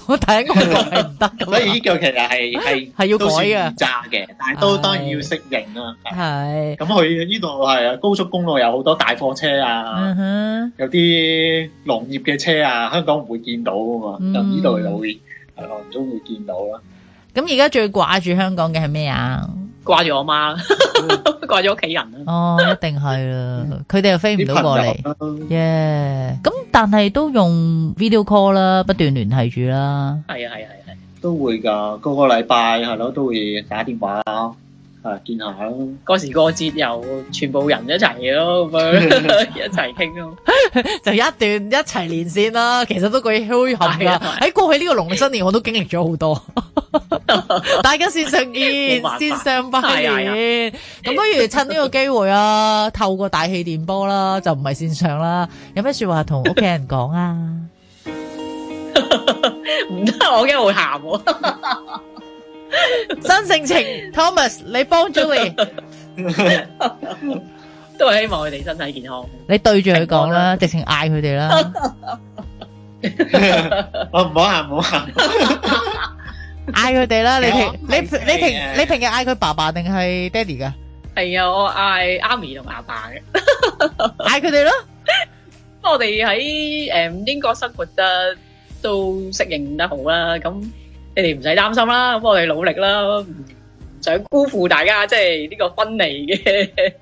我睇我係唔得。所以呢個其實係係係要改嘅。炸嘅，但都當然要適應啊。係。咁佢呢度係啊，高速公路有好多大貨車啊，有啲農業嘅車啊，香港唔會見到噶嘛。咁呢度就會係暗中會見到啦。咁而家最掛住香港嘅係咩啊？掛住我媽，掛住屋企人啦。哦，一定係啦，佢 哋又飛唔到過嚟。耶！咁、yeah、但係都用 video call 啦，不斷聯繫住啦。係啊，係啊係啊係啊，都會㗎，個個禮拜係咯，都會打電話。誒，見下咯，嗰時過節又全部人一齊咯，咁樣 一齊傾咯， 就一段一齊連線啦。其實都幾虛憾墟冚噶。喺、哎、過去呢個農曆新年，我都經歷咗好多。 大家綫上見，綫上不見，咁、哎、不如趁呢個機會啊， 透過大氣電波啦，就唔係綫上啦。有咩說話同屋企人講啊？唔 得，我驚會喊啊。 真性情，Thomas，你幫 Jolie，都係希望佢哋身體健康。你對住佢講啦，直情嗌佢哋啦。我唔好喊，唔好喊。嗌佢哋啦，你平，你你平，你平日嗌佢爸爸定係爹哋噶係啊，我嗌阿咪同阿爸嘅。嗌佢哋咯。咁我哋喺誒英國生活得都適應得好啦。咁。你哋唔使擔心啦，咁我哋努力啦，唔想辜負大家，即係呢個分離嘅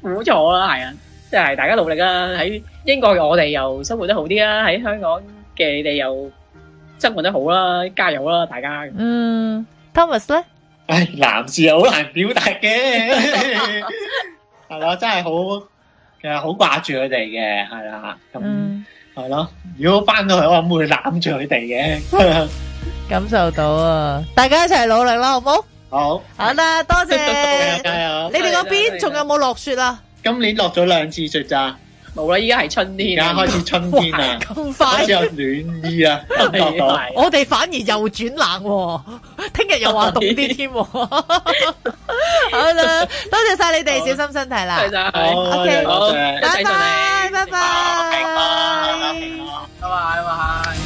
苦楚啦，係啊，即係大家努力啦。喺英國嘅我哋又生活得好啲啦，喺香港嘅你哋又生活得好啦，加油啦，大家。嗯，Thomas 咧，唉，男士好難表達嘅，係咯，真係好，其實好掛住佢哋嘅，係啊，咁係咯，如果翻到去我會攬住佢哋嘅。感受到啊！大家一齊努力啦，好唔好？好，好啦，多謝。你哋嗰邊仲有冇落雪啊？今年落咗兩次雪咋，冇啦。依家係春天，而家開始春天啦，咁快，開始有暖意啦，咁快。我哋反而又轉冷，聽日又話凍啲添。好啦，多謝晒你哋，小心身體啦。係啦，好，多謝，拜拜，拜拜，拜拜，拜拜，拜拜。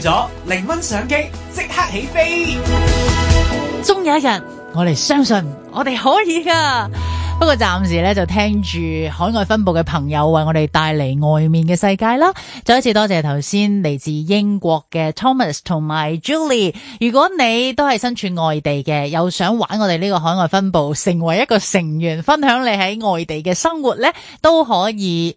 去咗，零蚊相機即刻起飛。終有一日，我哋相信我哋可以㗎。不過暫時咧，就聽住海外分部嘅朋友為我哋帶嚟外面嘅世界啦。再一次多謝頭先嚟自英國嘅 Thomas 同埋 Julie。如果你都係身處外地嘅，又想玩我哋呢個海外分部，成為一個成員，分享你喺外地嘅生活呢，都可以。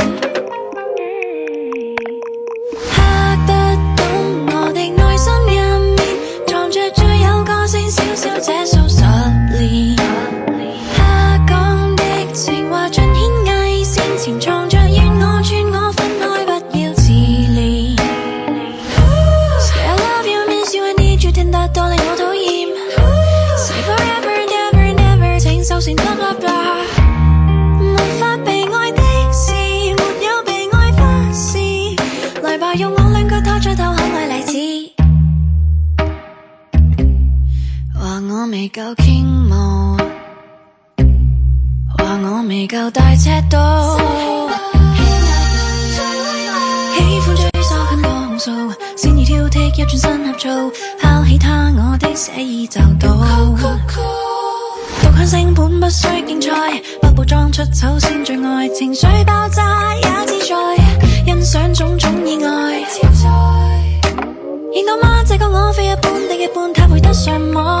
當我飛一般、飛一般，他配得上我。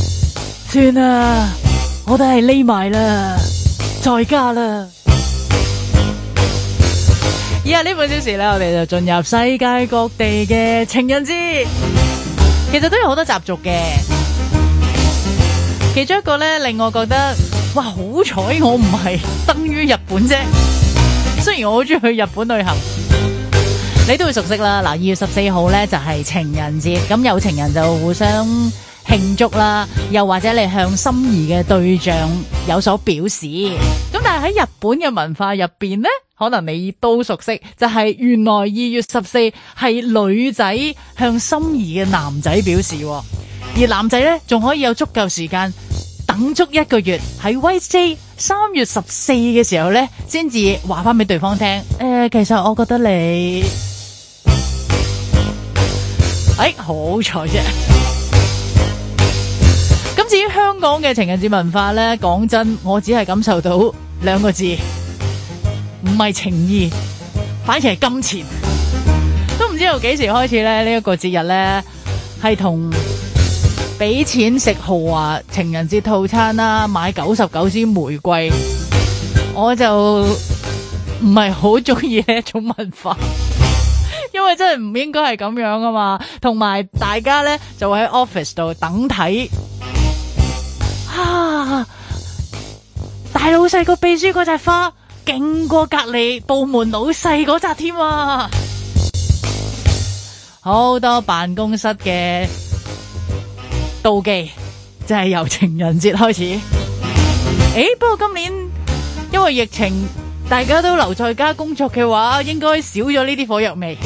算啦，我都係匿埋啦，再加啦。以、yeah, 下呢半小時咧，我哋就進入世界各地嘅情人節，其實都有好多習俗嘅。其中一個咧，令我覺得，哇，好彩我唔係生於日本啫。雖然我好中意去日本旅行，你都會熟悉啦。嗱，二月十四號咧就係、是、情人節，咁有情人就互相。慶祝啦，又或者你向心儀嘅對象有所表示。咁但係喺日本嘅文化入邊呢，可能你都熟悉，就係、是、原來二月十四係女仔向心儀嘅男仔表示，而男仔呢仲，可以有足夠時間等足一個月，喺 White Day 三月十四嘅時候呢，先至話翻俾對方聽。誒、呃，其實我覺得你，誒、哎，好彩啫。至於香港嘅情人節文化咧，講真，我只係感受到兩個字，唔係情意，反而係金錢。都唔知道幾時開始咧，這個、節日呢一個節日咧係同俾錢食豪華情人節套餐啦，買九十九支玫瑰，我就唔係好中意呢一種文化，因為真係唔應該係咁樣㗎嘛。同埋大家咧就會喺 office 度等睇。啊！大老細個秘書嗰扎花，勁過隔籬部門老細嗰紮添啊！好多辦公室嘅妒忌，即係由情人節開始。誒、哎，不過今年因為疫情，大家都留在家工作嘅話，應該少咗呢啲火藥味。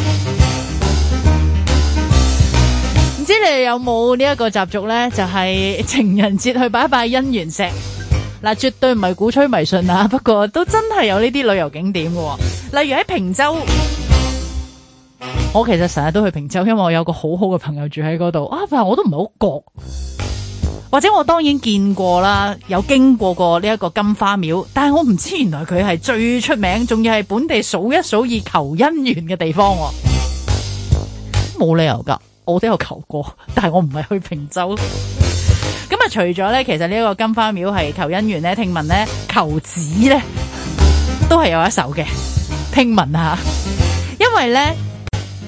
唔知你哋有冇呢一個習俗咧，就係情人節去拜拜姻緣石。嗱，絕對唔係鼓吹迷信啊，不過都真係有呢啲旅遊景點嘅。例如喺平洲，我其實成日都去平洲，因為我有個好好嘅朋友住喺嗰度啊。但我都唔係好覺，或者我當然見過啦，有經過過呢一個金花廟，但係我唔知原來佢係最出名，仲要係本地數一數二求姻緣嘅地方，冇理由噶。我都有求過，但係我唔係去平洲。咁啊，除咗咧，其實呢個金花廟係求姻緣咧，聽聞咧求子咧都係有一手嘅。聽聞下， 因為咧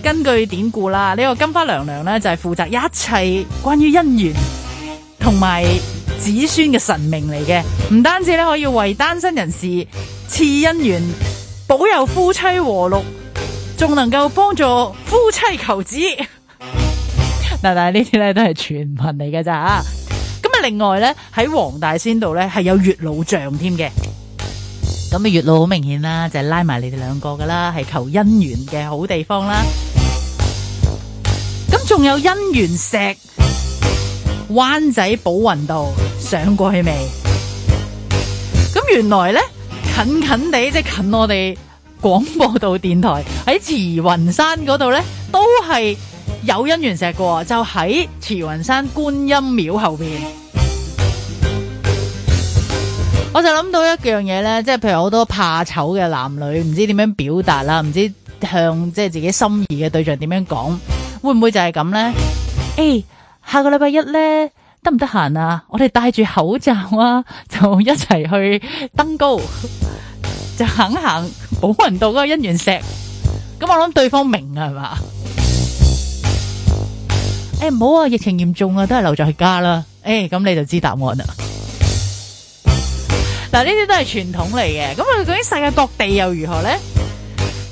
根據典故啦，呢、這個金花娘娘咧就係、是、負責一切關於姻緣同埋子孫嘅神明嚟嘅。唔單止咧可以為單身人士賜姻緣，保佑夫妻和睦，仲能夠幫助夫妻求子。嗱，但係呢啲咧都係傳聞嚟嘅咋吓，咁啊，另外咧喺黃大仙度咧係有月老像添嘅，咁啊月老好明顯啦，就係、是、拉埋你哋兩個噶啦，係求姻緣嘅好地方啦。咁仲有姻緣石，灣仔寶雲道上過去未？咁原來咧近近地即係近我哋廣播道電台喺慈雲山嗰度咧都係。有姻緣石喎，就喺慈雲山觀音廟後邊，我就諗到一樣嘢咧，即係譬如好多怕醜嘅男女，唔知點樣表達啦，唔知向即係自己心儀嘅對象點樣講，會唔會就係咁咧？誒、哎，下個禮拜一咧得唔得閒啊？我哋戴住口罩啊，就一齊去登高，就肯行，寶雲道嗰個姻緣石。咁我諗對方明係嘛？誒，唔好啊！疫情嚴重啊，都係留在家啦。誒，咁你就知答案啦。嗱，呢啲都係傳統嚟嘅。咁啊，究竟世界各地又如何咧？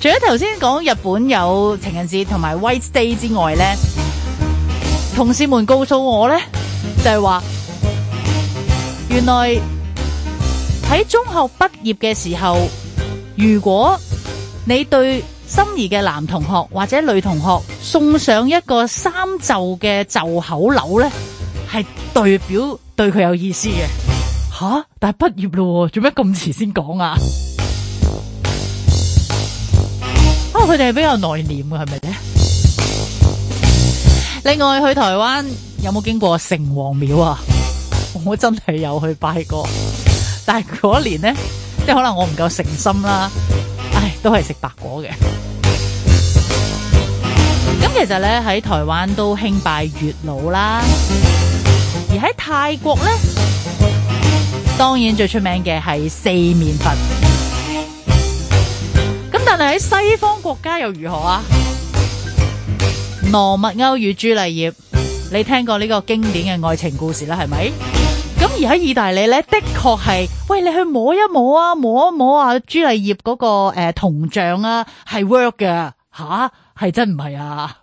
除咗頭先講日本有情人節同埋 White Day 之外咧，同事們告訴我咧，就係話，原來喺中學畢業嘅時候，如果你對。心儀嘅男同學或者女同學送上一個三袖嘅袖口紐咧，係代表對佢有意思嘅。吓，但係畢業嘞，做咩咁遲先講啊？啊，佢哋係比較內斂嘅，係咪咧？另外，去台灣有冇經過城隍廟啊？我真係有去拜過，但係嗰年咧，即係可能我唔夠誠心啦，唉，都係食白果嘅。其實咧喺台灣都興拜月老啦，而喺泰國咧，當然最出名嘅係四面佛。咁但係喺西方國家又如何啊？羅密歐與朱麗葉，你聽過呢個經典嘅愛情故事啦，係咪？咁而喺意大利咧，的確係，喂，你去摸一摸啊，摸一摸啊，朱麗葉嗰個誒銅像啊，係 work 嘅，吓？係真唔係啊？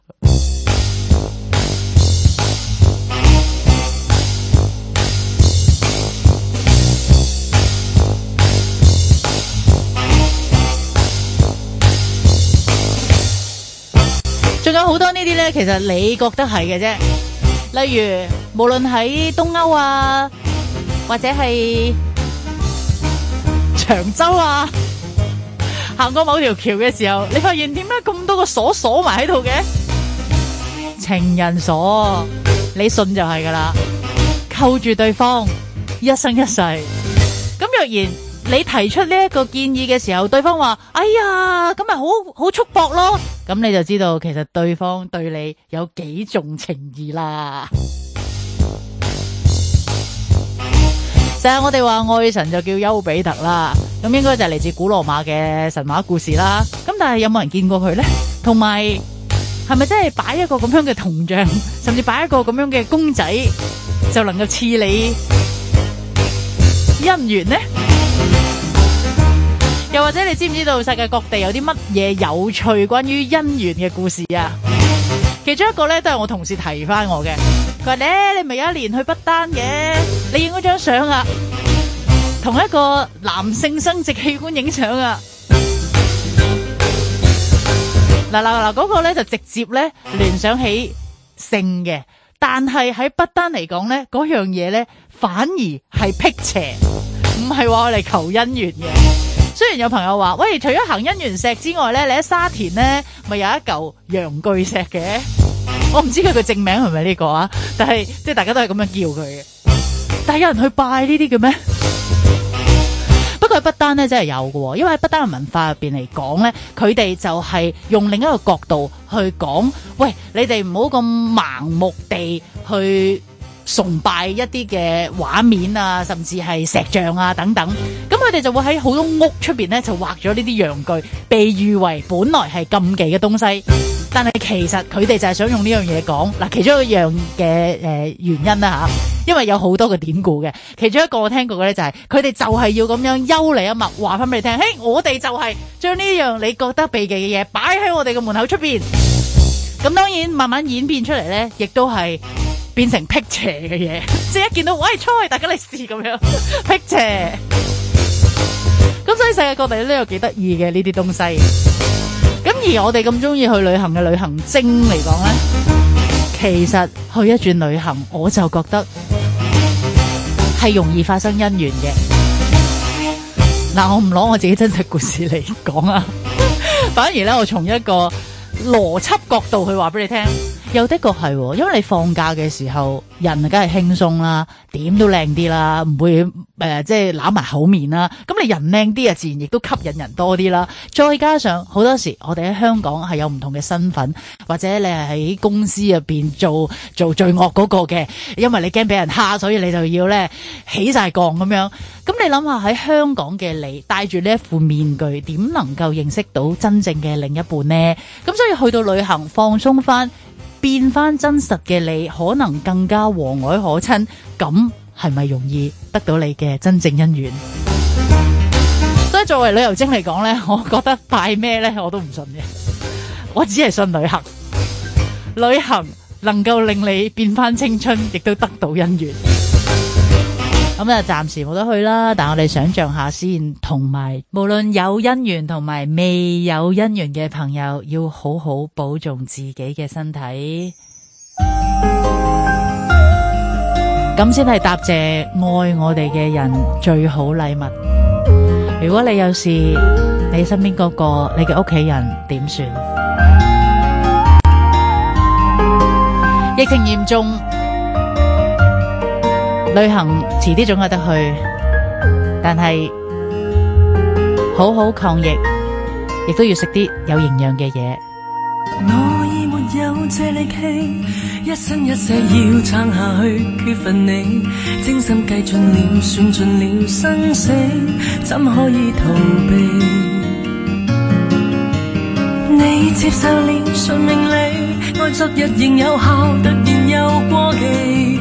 仲有好多呢啲咧，其實你覺得係嘅啫。例如，無論喺東歐啊，或者係長洲啊，行過某條橋嘅時候，你發現點解咁多個鎖鎖埋喺度嘅？情人鎖，你信就係㗎喇，扣住對方一生一世。咁若然，你提出呢一個建議嘅時候，對方話：哎呀，咁咪好好束縛咯。咁你就知道其實對方對你有幾重情意啦。成日 我哋話愛神就叫丘比特啦，咁應該就係嚟自古羅馬嘅神話故事啦。咁但係有冇人見過佢呢？同埋係咪真係擺一個咁樣嘅銅像，甚至擺一個咁樣嘅公仔，就能夠賜你姻緣呢？又或者你知唔知道世界各地有啲乜嘢有趣關於姻緣嘅故事啊？其中一個咧都係我同事提翻我嘅，佢話咧你咪有一年去不丹嘅，你影嗰張相啊，同一個男性生殖器官影相啊！嗱嗱嗱，嗰個咧就直接咧聯想起性嘅，但係喺不丹嚟講咧，嗰樣嘢咧反而係辟邪，唔係話我哋求姻緣嘅。雖然有朋友話，喂，除咗行姻緣石之外咧，你喺沙田咧咪有一嚿陽具石嘅？我唔知佢個正名係咪呢個啊，但係即係大家都係咁樣叫佢嘅。但係有人去拜呢啲嘅咩？不過喺不丹咧真係有喎，因為喺不丹嘅文化入邊嚟講咧，佢哋就係用另一個角度去講，喂，你哋唔好咁盲目地去。崇拜一啲嘅畫面啊，甚至係石像啊等等，咁佢哋就會喺好多屋出邊咧，就畫咗呢啲陽具，被譽為本來係禁忌嘅東西，但係其實佢哋就係想用呢樣嘢講嗱，其中一樣嘅誒、呃、原因啦、啊、吓，因為有好多嘅典故嘅，其中一個我聽過嘅咧就係、是，佢哋就係要咁樣幽嚟一默話翻俾你聽，嘿，我哋就係將呢樣你覺得避忌嘅嘢擺喺我哋嘅門口出邊，咁當然慢慢演變出嚟咧，亦都係。變成辟邪嘅嘢，即係一見到喂，出去大家嚟試咁樣辟邪。咁所以世界各地都有幾得意嘅呢啲東西。咁而我哋咁中意去旅行嘅旅行精嚟講咧，其實去一轉旅行我就覺得係容易發生姻緣嘅。嗱，我唔攞我自己真實故事嚟講啊，反而咧我從一個邏輯角度去話俾你聽。有的確係，因為你放假嘅時候，人梗係輕鬆啦，點都靚啲啦，唔會誒、呃，即係揦埋口面啦。咁你人靚啲啊，自然亦都吸引人多啲啦。再加上好多時我哋喺香港係有唔同嘅身份，或者你係喺公司入邊做做最惡嗰個嘅，因為你驚俾人蝦，所以你就要咧起晒杠咁樣。咁你諗下喺香港嘅你，戴住呢一副面具，點能夠認識到真正嘅另一半呢？咁所以去到旅行放鬆翻。變翻真實嘅你，可能更加和藹可親，咁係咪容易得到你嘅真正姻緣？ 所以作為旅遊精嚟講呢，我覺得拜咩呢？我都唔信嘅，我只係信旅行，旅行能夠令你變翻青春，亦都得到姻緣。咁啊，暫時冇得去啦。但係我哋想象下先，同埋無論有姻緣同埋未有姻緣嘅朋友，要好好保重自己嘅身體，咁先係答謝愛我哋嘅人最好禮物。如果你有事，你身邊嗰個，你嘅屋企人點算？疫情嚴重。旅行遲啲總有得去，但係好好抗疫，亦都要食啲有營養嘅嘢。我已沒有這力氣，一生一世要撐下去。缺乏你，精心計盡了，算盡了生死，怎可以逃避？你接受了信命，愛昨日仍有效，突然又過期。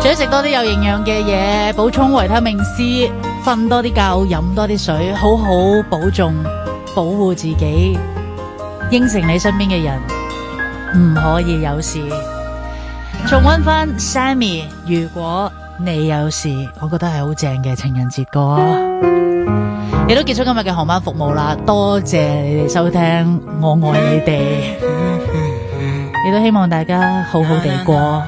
想食多啲有營養嘅嘢，補充維他命 C。瞓多啲覺，飲多啲水，好好保重，保護自己。應承你身邊嘅人，唔可以有事。重温翻 Sammy，如果你有事，我覺得係好正嘅情人節歌。你都結束今日嘅航班服務啦，多謝你哋收聽，我愛你哋。亦都希望大家好好地過。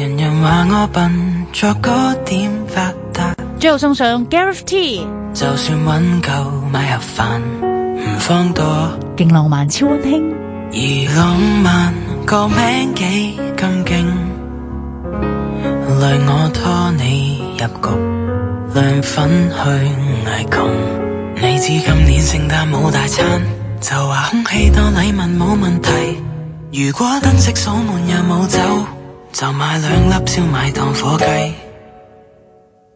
人人話我笨，作歌點發？最後送上 Guarantee，就算揾夠買盒飯唔放多，勁浪漫超溫馨。而浪漫個名幾咁勁，來我拖你入局，涼粉去挨窮。你知今年聖誕冇大餐，就話空氣當禮物冇問題。如果燈飾鎖門又冇走，就買兩粒燒賣當火雞。